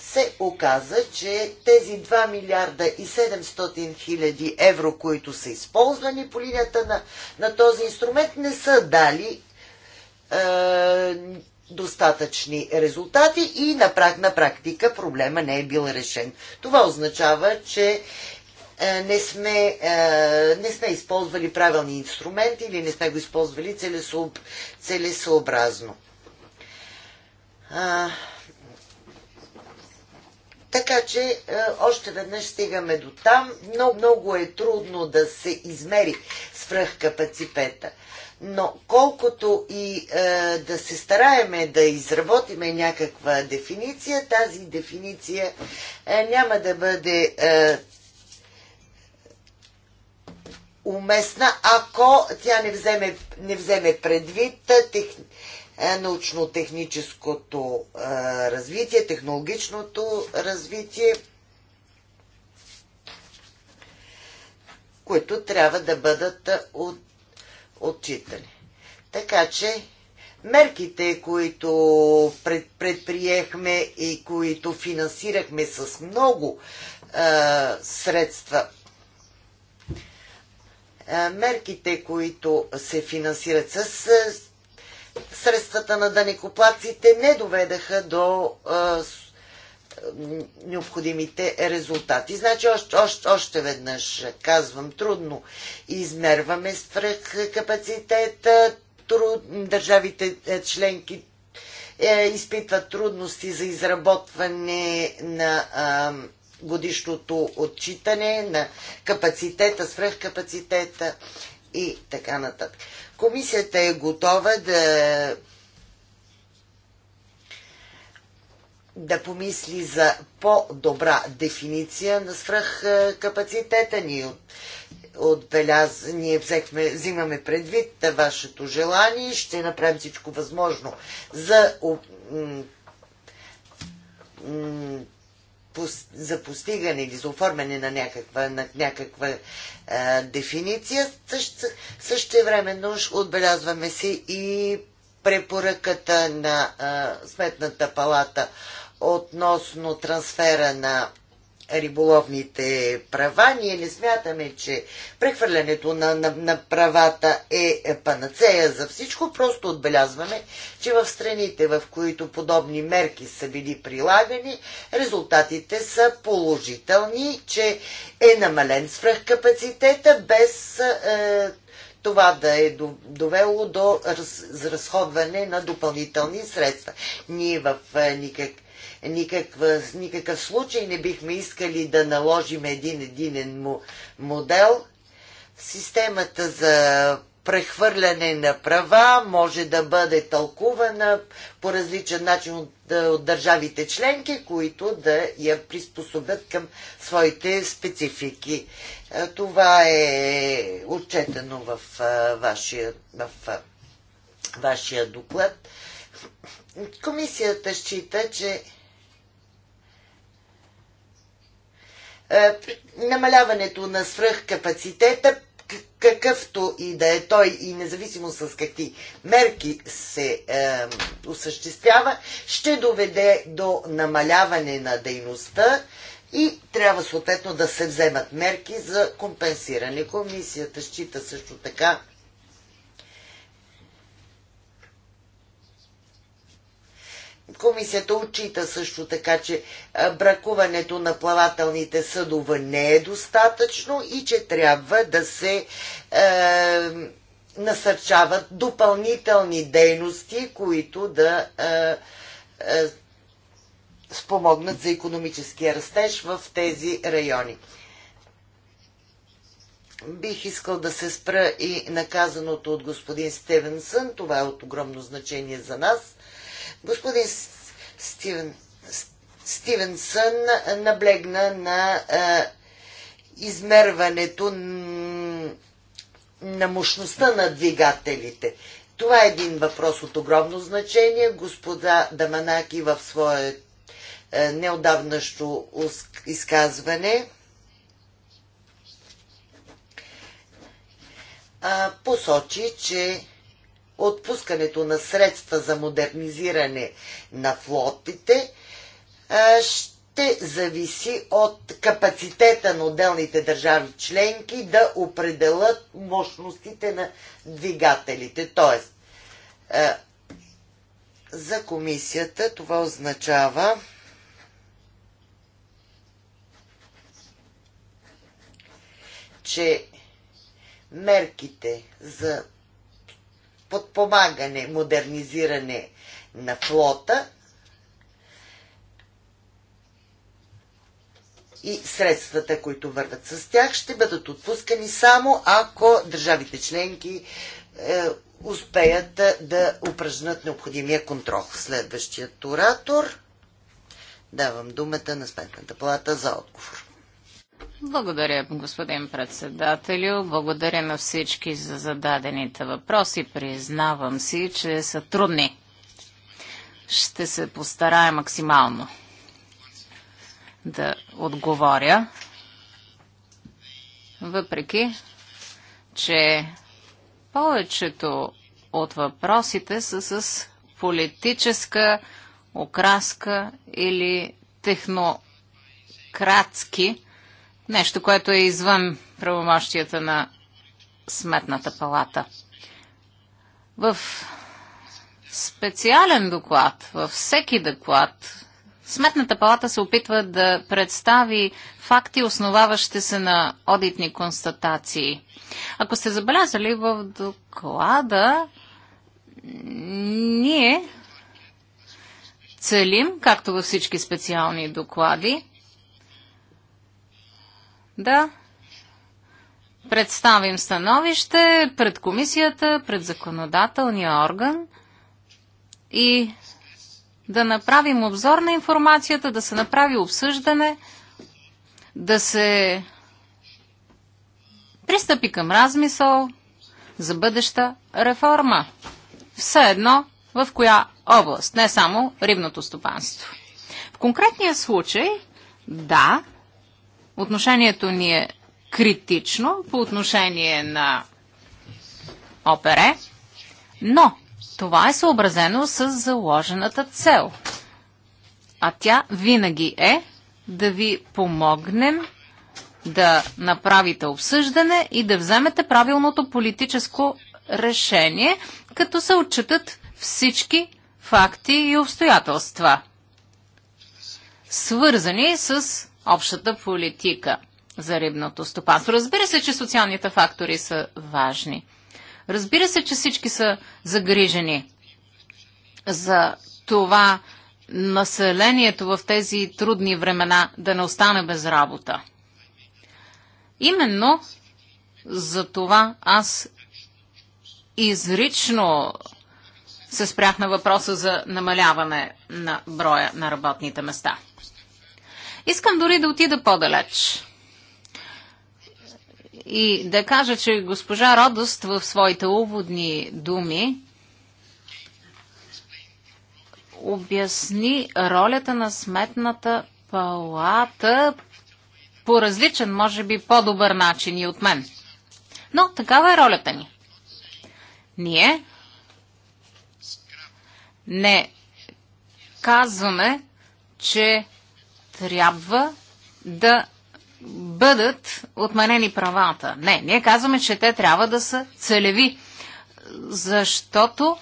се оказа, че тези 2 милиарда и 700 хиляди евро, които са използвани по линията на, на този инструмент, не са дали е, достатъчни резултати и на, на практика проблема не е бил решен. Това означава, че е, не сме, е, не сме използвали правилни инструменти или не сме го използвали целесообразно. Така че е, още веднъж стигаме до там. Много, много е трудно да се измери свръхкапацитета. Но колкото и е, да се стараеме да изработиме някаква дефиниция, тази дефиниция е, няма да бъде е, уместна, ако тя не вземе, не вземе предвид е, тех, е научно-техническото е, развитие, технологичното развитие, които трябва да бъдат е, от, отчитани. Така че мерките, които пред, предприехме и които финансирахме с много а, средства, а, мерките, които се финансират с средствата на данекоплаците не доведаха до а, необходимите резултати. Значи още, още, още веднъж казвам трудно. Измерваме капацитета, труд, държавите е, членки е, изпитват трудности за изработване на а, годишното отчитане, на капацитета, свръхкапацитета и така нататък. Комисията е готова да да помисли за по-добра дефиниция на капацитета ни. Отбеляз... Ние взехме, взимаме предвид вашето желание, ще направим всичко възможно за за постигане или за оформяне на някаква, на някаква а, дефиниция. Също, същевременно отбелязваме си и препоръката на а, Сметната палата относно трансфера на риболовните права. Ние не смятаме, че прехвърлянето на, на, на правата е панацея за всичко. Просто отбелязваме, че в страните, в които подобни мерки са били прилагани, резултатите са положителни, че е намален свръхкапацитета без е, това да е довело до разходване на допълнителни средства. Ние в е, никак никаква, никакъв случай не бихме искали да наложим един единен модел. Системата за прехвърляне на права може да бъде тълкувана по различен начин от, от държавите членки, които да я приспособят към своите специфики. Това е отчетено в вашия, в вашия доклад. Комисията счита, че Е, намаляването на свръхкапацитета, какъвто и да е той и независимо с какви мерки се е, осъществява, ще доведе до намаляване на дейността и трябва съответно да се вземат мерки за компенсиране. Комисията счита също така, Комисията отчита също така, че бракуването на плавателните съдове не е достатъчно и че трябва да се е, насърчават допълнителни дейности, които да е, е, спомогнат за економическия растеж в тези райони. Бих искал да се спра и наказаното от господин Стевенсън. Това е от огромно значение за нас – Господин Стивен, Стивенсън наблегна на а, измерването на мощността на двигателите. Това е един въпрос от огромно значение. Господа Даманаки в свое неодавнащо изказване посочи, че отпускането на средства за модернизиране на флотите ще зависи от капацитета на отделните държави членки да определят мощностите на двигателите. Тоест, за комисията това означава че мерките за подпомагане, модернизиране на флота и средствата, които върват с тях, ще бъдат отпускани само ако държавите членки е, успеят е, да упражнат необходимия контрол. Следващият оратор. Давам думата на Сметната палата за отговор. Благодаря, господин председателю. Благодаря на всички за зададените въпроси. Признавам си, че са трудни. Ще се постарая максимално да отговоря. Въпреки, че повечето от въпросите са с политическа окраска или технократски Нещо, което е извън правомощията на Сметната палата. В специален доклад, във всеки доклад, Сметната палата се опитва да представи факти, основаващи се на одитни констатации. Ако сте забелязали в доклада, ние целим, както във всички специални доклади, да представим становище пред комисията, пред законодателния орган и да направим обзор на информацията, да се направи обсъждане, да се пристъпи към размисъл за бъдеща реформа. Все едно в коя област, не само рибното стопанство. В конкретния случай, да, Отношението ни е критично по отношение на ОПР, но това е съобразено с заложената цел. А тя винаги е да ви помогнем да направите обсъждане и да вземете правилното политическо решение, като се отчитат всички факти и обстоятелства, свързани с общата политика за рибното стопанство. Разбира се, че социалните фактори са важни. Разбира се, че всички са загрижени за това населението в тези трудни времена да не остане без работа. Именно за това аз изрично се спрях на въпроса за намаляване на броя на работните места. Искам дори да отида по-далеч и да кажа, че госпожа Родост в своите уводни думи обясни ролята на сметната палата по различен, може би по-добър начин и от мен. Но такава е ролята ни. Ние не казваме, че трябва да бъдат отменени правата. Не, ние казваме, че те трябва да са целеви, защото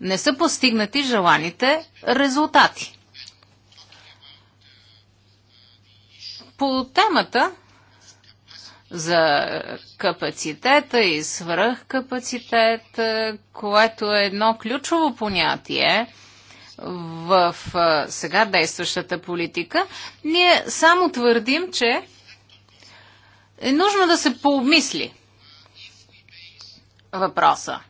не са постигнати желаните резултати. По темата за капацитета и свръхкапацитет, което е едно ключово понятие, в сега действащата политика, ние само твърдим, че е нужно да се пообмисли въпроса.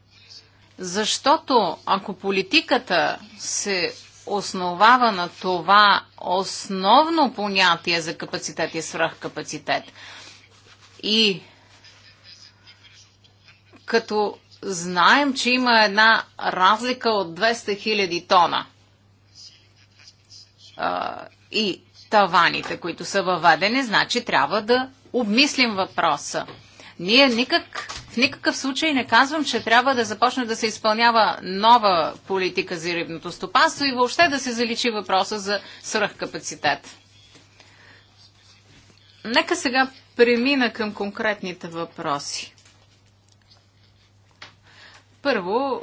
Защото ако политиката се основава на това основно понятие за капацитет и свръхкапацитет и като знаем, че има една разлика от 200 000 тона – а, и таваните, които са въведени, значи трябва да обмислим въпроса. Ние никак, в никакъв случай не казвам, че трябва да започне да се изпълнява нова политика за рибното стопанство и въобще да се заличи въпроса за свръхкапацитет. Нека сега премина към конкретните въпроси. Първо,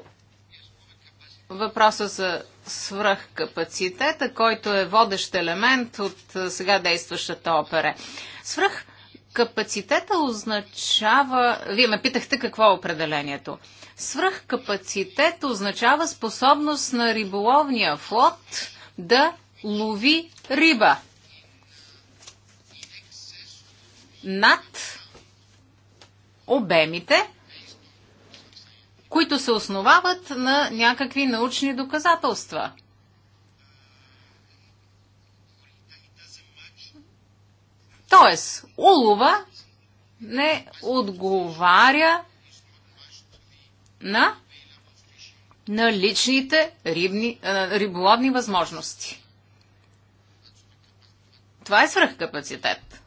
въпроса за свръхкапацитета, който е водещ елемент от сега действащата опера. Свръх Капацитета означава... Вие ме питахте какво е определението. Свръхкапацитет означава способност на риболовния флот да лови риба. Над обемите, които се основават на някакви научни доказателства. Тоест, улова не отговаря на наличните рибни, риболовни възможности. Това е свръхкапацитет.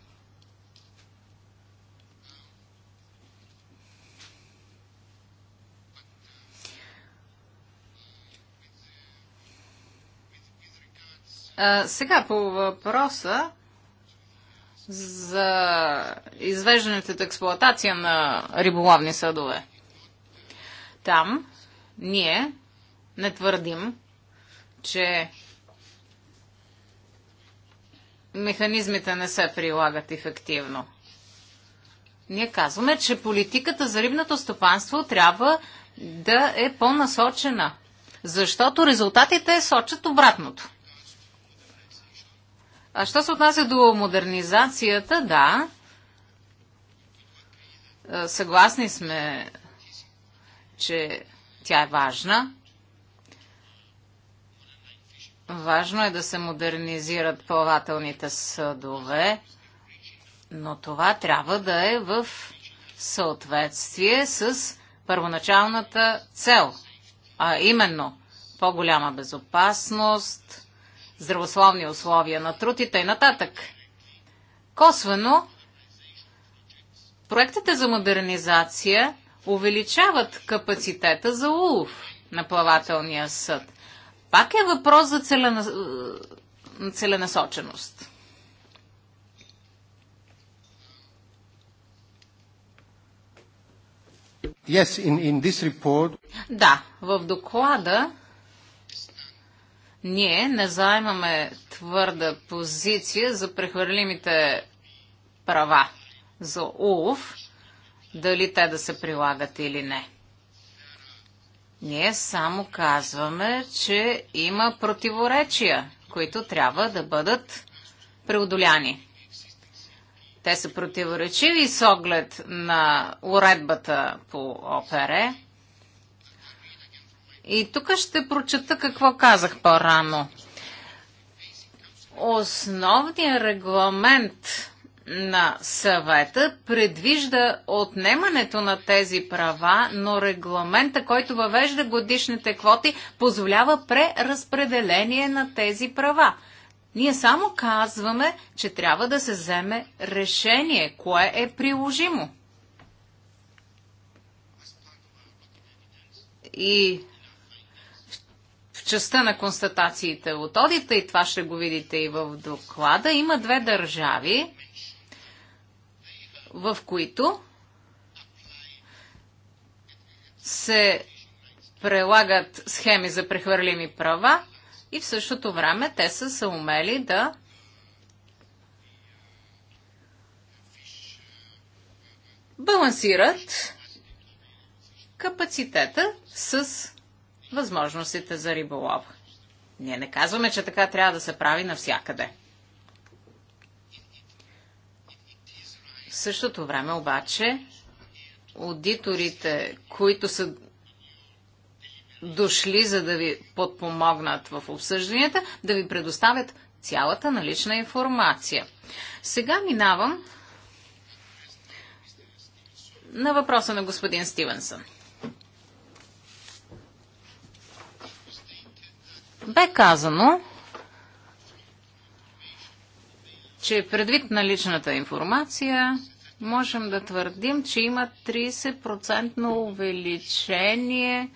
сега по въпроса за извеждането от експлоатация на риболовни съдове. Там ние не твърдим, че механизмите не се прилагат ефективно. Ние казваме, че политиката за рибното стопанство трябва да е по-насочена, защото резултатите сочат обратното. А що се отнася до модернизацията, да, е, съгласни сме, че тя е важна. Важно е да се модернизират плавателните съдове, но това трябва да е в съответствие с първоначалната цел, а именно по-голяма безопасност – здравословни условия на труд и т.н. Косвено, проектите за модернизация увеличават капацитета за улов на плавателния съд. Пак е въпрос за целена... целенасоченост. Yes, in, in this report... Да, в доклада ние не заемаме твърда позиция за прехвърлимите права за улов, дали те да се прилагат или не. Ние само казваме, че има противоречия, които трябва да бъдат преодоляни. Те са противоречиви с оглед на уредбата по ОПР, и тук ще прочета какво казах по-рано. Основният регламент на съвета предвижда отнемането на тези права, но регламента, който въвежда годишните квоти, позволява преразпределение на тези права. Ние само казваме, че трябва да се вземе решение, кое е приложимо. И частта на констатациите от одита, и това ще го видите и в доклада, има две държави, в които се прилагат схеми за прехвърлими права и в същото време те са се умели да балансират капацитета с възможностите за риболов. Ние не казваме, че така трябва да се прави навсякъде. В същото време обаче аудиторите, които са дошли за да ви подпомогнат в обсъжданията, да ви предоставят цялата налична информация. Сега минавам на въпроса на господин Стивенсън. Бе казано, че предвид на личната информация можем да твърдим, че има 30% увеличение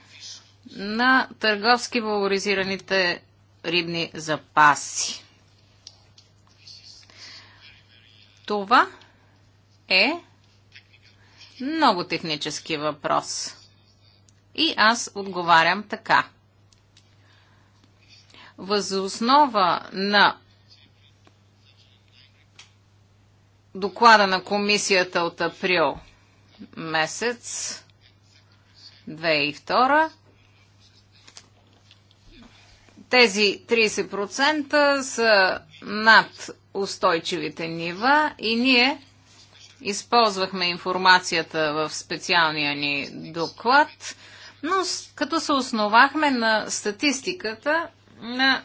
на търговски валоризираните рибни запаси. Това е много технически въпрос. И аз отговарям така. Възоснова на доклада на комисията от април месец 2002 тези 30% са над устойчивите нива и ние използвахме информацията в специалния ни доклад, но като се основахме на статистиката на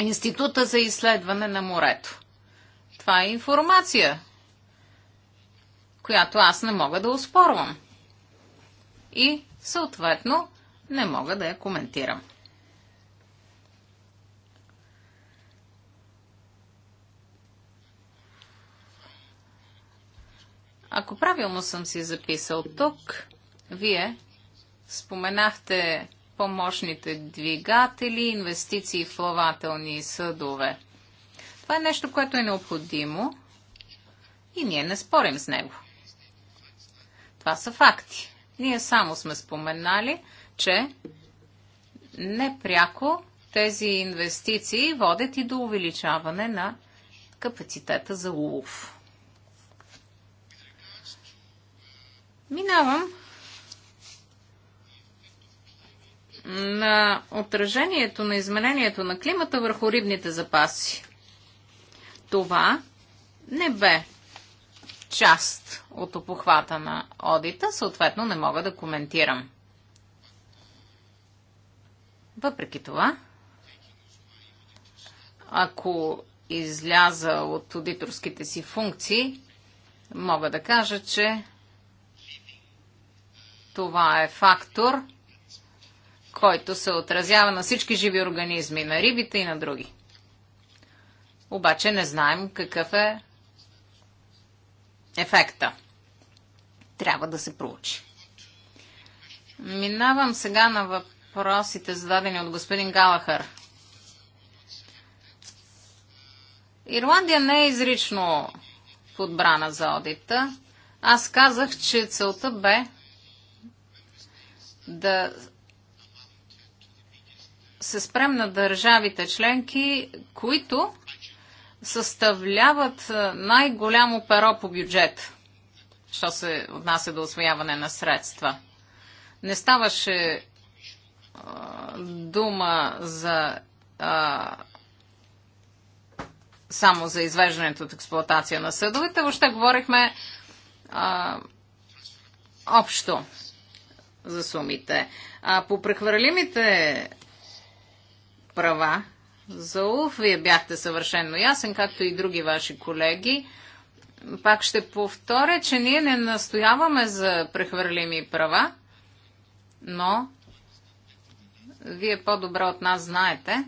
Института за изследване на морето. Това е информация, която аз не мога да успорвам. И, съответно, не мога да я коментирам. Ако правилно съм си записал тук, вие споменахте помощните двигатели, инвестиции в плавателни съдове. Това е нещо, което е необходимо и ние не спорим с него. Това са факти. Ние само сме споменали, че непряко тези инвестиции водят и до увеличаване на капацитета за улов. Минавам на отражението на изменението на климата върху рибните запаси. Това не бе част от обхвата на одита, съответно не мога да коментирам. Въпреки това, ако изляза от аудиторските си функции, мога да кажа, че това е фактор – който се отразява на всички живи организми, на рибите и на други. Обаче не знаем какъв е ефекта. Трябва да се проучи. Минавам сега на въпросите, зададени от господин Галахър. Ирландия не е изрично подбрана за одита. Аз казах, че целта бе да се спрем на държавите членки, които съставляват най-голямо перо по бюджет, що се отнася до освояване на средства. Не ставаше а, дума за а, само за извеждането от експлоатация на съдовете, въобще говорихме а, общо за сумите. А по прехвърлимите права за Улф Вие бяхте съвършенно ясен, както и други ваши колеги. Пак ще повторя, че ние не настояваме за прехвърлими права, но вие по-добре от нас знаете,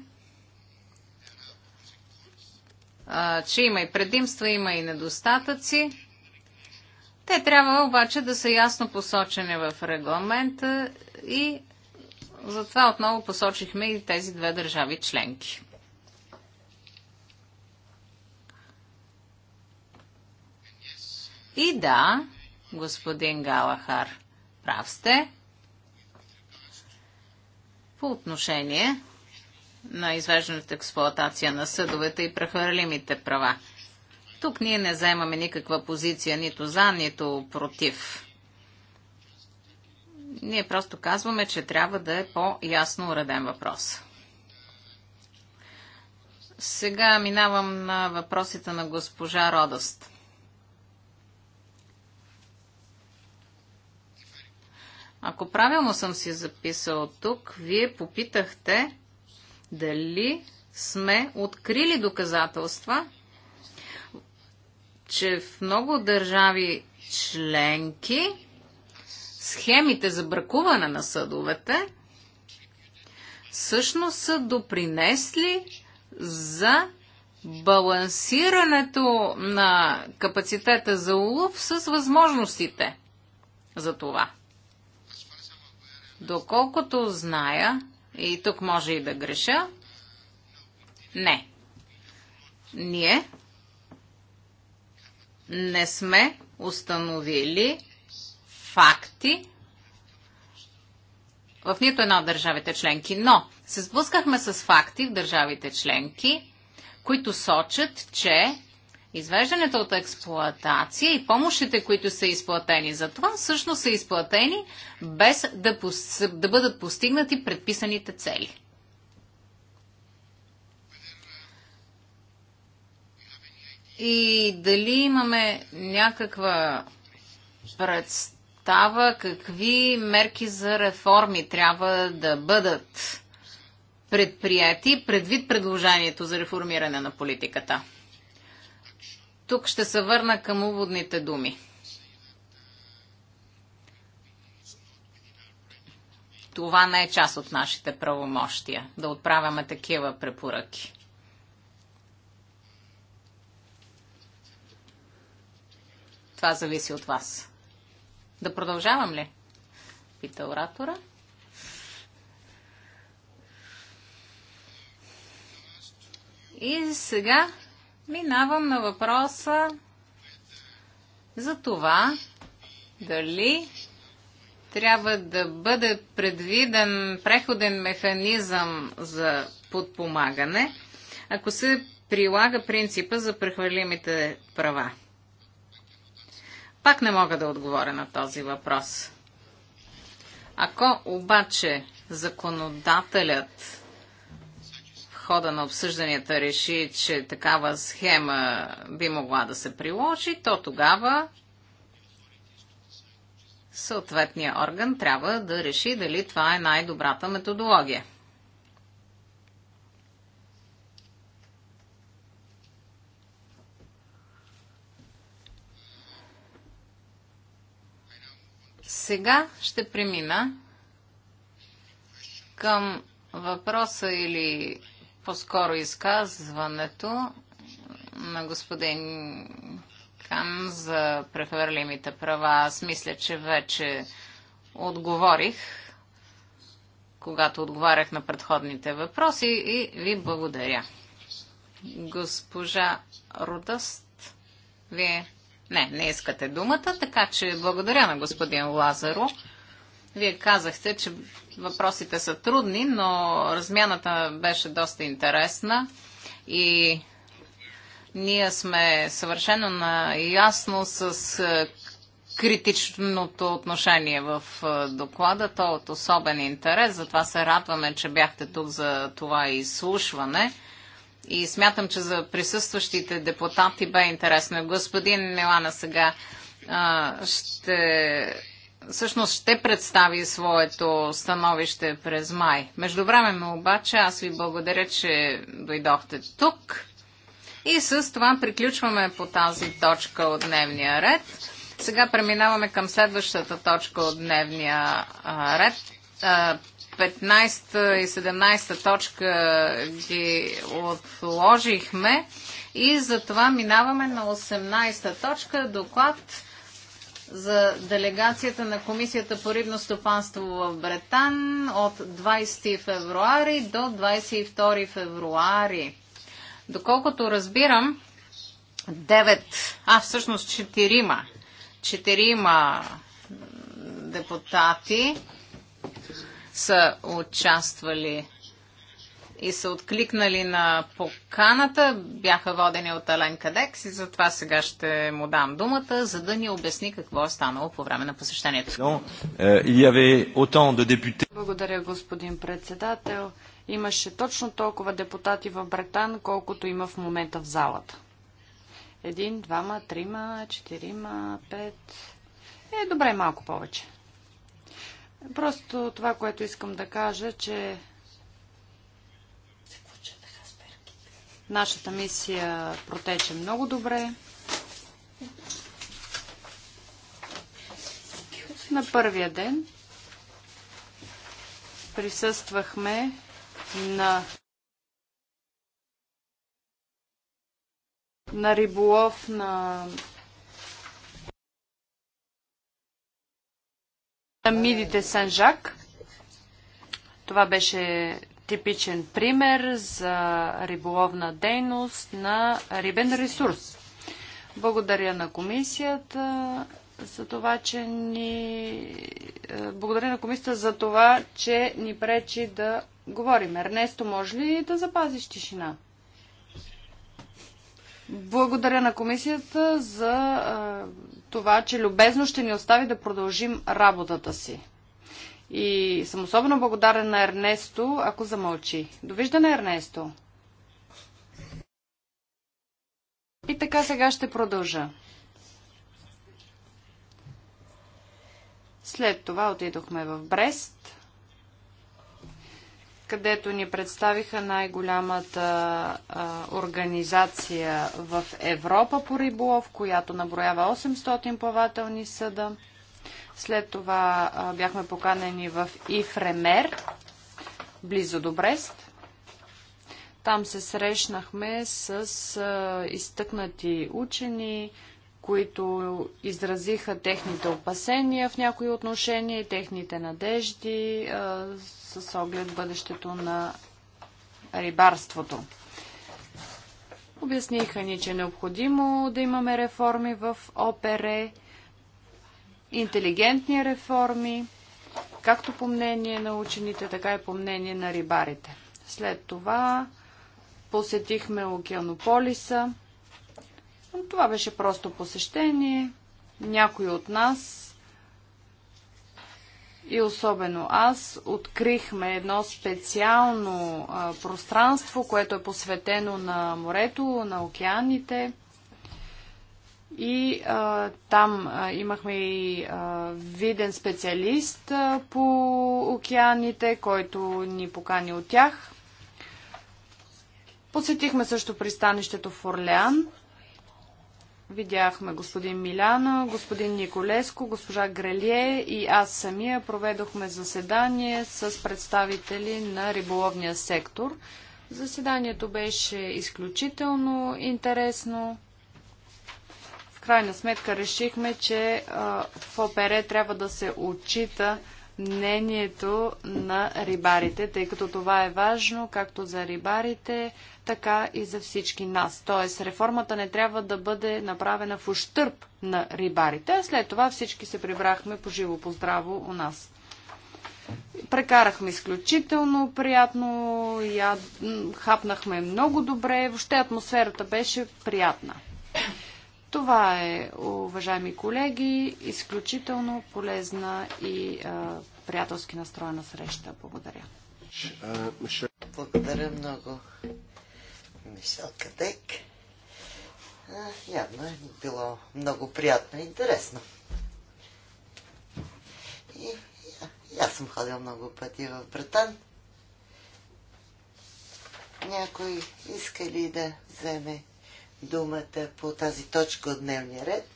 че има и предимства, има и недостатъци. Те трябва обаче да са ясно посочени в регламента и затова отново посочихме и тези две държави членки. И да, господин Галахар, прав сте. По отношение на извеждането експлоатация на съдовете и прехвърлимите права. Тук ние не заемаме никаква позиция нито за, нито против. Ние просто казваме, че трябва да е по-ясно уреден въпрос. Сега минавам на въпросите на госпожа Родост. Ако правилно съм си записал тук, вие попитахте дали сме открили доказателства, че в много държави членки схемите за бракуване на съдовете, всъщност са допринесли за балансирането на капацитета за улов с възможностите за това. Доколкото зная, и тук може и да греша, не. Ние не сме установили факти в нито една от държавите членки, но се сблъскахме с факти в държавите членки, които сочат, че извеждането от експлоатация и помощите, които са изплатени за това, всъщност са изплатени без да, пос... да бъдат постигнати предписаните цели. И дали имаме някаква представа остава какви мерки за реформи трябва да бъдат предприяти предвид предложението за реформиране на политиката. Тук ще се върна към уводните думи. Това не е част от нашите правомощия да отправяме такива препоръки. Това зависи от вас. Да продължавам ли? Пита оратора. И сега минавам на въпроса за това дали трябва да бъде предвиден преходен механизъм за подпомагане, ако се прилага принципа за прехвърлимите права. Пак не мога да отговоря на този въпрос. Ако обаче законодателят в хода на обсъжданията реши, че такава схема би могла да се приложи, то тогава съответният орган трябва да реши дали това е най-добрата методология. Сега ще премина към въпроса или по-скоро изказването на господин Кан за прехвърлимите права. Аз мисля, че вече отговорих, когато отговарях на предходните въпроси и ви благодаря. Госпожа Рудъст, вие не, не искате думата, така че благодаря на господин Лазаро. Вие казахте, че въпросите са трудни, но размяната беше доста интересна и ние сме съвършено наясно с е, критичното отношение в е, доклада. То е от особен интерес, затова се радваме, че бяхте тук за това изслушване. И смятам, че за присъстващите депутати бе интересно. Господин Милана сега а, ще всъщност ще представи своето становище през май. Междувременно обаче аз ви благодаря, че дойдохте тук. И с това приключваме по тази точка от дневния ред. Сега преминаваме към следващата точка от дневния ред 15 и 17 точка ги отложихме и затова минаваме на 18 точка доклад за делегацията на Комисията по рибно стопанство в Бретан от 20 февруари до 22 февруари. Доколкото разбирам, 9, а всъщност 4, 4 депутати са участвали и са откликнали на поканата, бяха водени от Ален Кадекс и затова сега ще му дам думата, за да ни обясни какво е станало по време на посещението. Euh, Благодаря, господин председател. Имаше точно толкова депутати в Бретан, колкото има в момента в залата. Един, двама, трима, четирима, пет. Е, добре, малко повече. Просто това, което искам да кажа, че нашата мисия протече много добре. На първия ден присъствахме на на риболов на Мидите Жак. Това беше типичен пример за риболовна дейност на рибен ресурс. Благодаря на комисията за това, че ни... Е, благодаря на комисията за това, че ни пречи да говорим. Ернесто, може ли да запазиш тишина? Благодаря на комисията за е, това, че любезно ще ни остави да продължим работата си. И съм особено благодарен на Ернесто, ако замълчи. Довиждане, Ернесто! И така сега ще продължа. След това отидохме в Брест където ни представиха най-голямата организация в Европа по риболов, която наброява 800 плавателни съда. След това а, бяхме поканени в Ифремер, близо до Брест. Там се срещнахме с а, изтъкнати учени, които изразиха техните опасения в някои отношения и техните надежди. А, с оглед бъдещето на рибарството. Обясниха ни, че е необходимо да имаме реформи в ОПР, интелигентни реформи, както по мнение на учените, така и по мнение на рибарите. След това посетихме Океанополиса. Това беше просто посещение. Някои от нас и особено аз открихме едно специално а, пространство, което е посветено на морето, на океаните. И а, там а, имахме и а, виден специалист а, по океаните, който ни покани от тях. Посетихме също пристанището в Орлеан Видяхме господин Миляна, господин Николеско, госпожа Грелие и аз самия проведохме заседание с представители на риболовния сектор. Заседанието беше изключително интересно. В крайна сметка решихме, че в ОПР трябва да се отчита мнението на рибарите, тъй като това е важно както за рибарите, така и за всички нас. Тоест, реформата не трябва да бъде направена в ущърп на рибарите, а след това всички се прибрахме по живо, по здраво у нас. Прекарахме изключително приятно, я... хапнахме много добре, въобще атмосферата беше приятна. Това е, уважаеми колеги, изключително полезна и а, приятелски настроена среща. Благодаря. Благодаря много, Мишел Кадек. Явно е било много приятно и интересно. И, и, и аз съм ходил много пъти в Бретан. Някой иска ли да вземе думата по тази точка от дневния ред.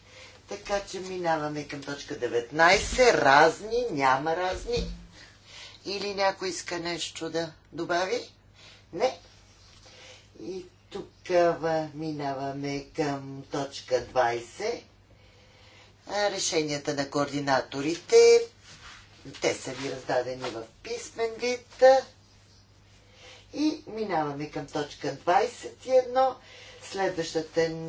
Така че минаваме към точка 19. Разни, няма разни. Или някой иска нещо да добави? Не. И тук минаваме към точка 20. Решенията на координаторите. Те са ви раздадени в писмен вид. И минаваме към точка 21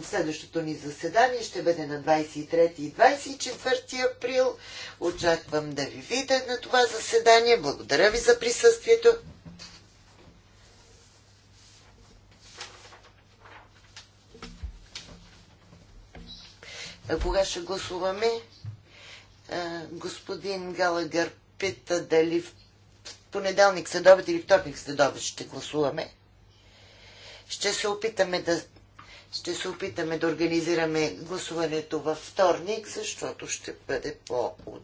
следващото ни заседание ще бъде на 23 и 24 април. Очаквам да ви видя на това заседание. Благодаря ви за присъствието. А кога ще гласуваме? А, господин Галагър пита дали в понеделник следобед или вторник следобед ще гласуваме. Ще се опитаме да ще се опитаме да организираме гласуването във вторник, защото ще бъде по-удобно.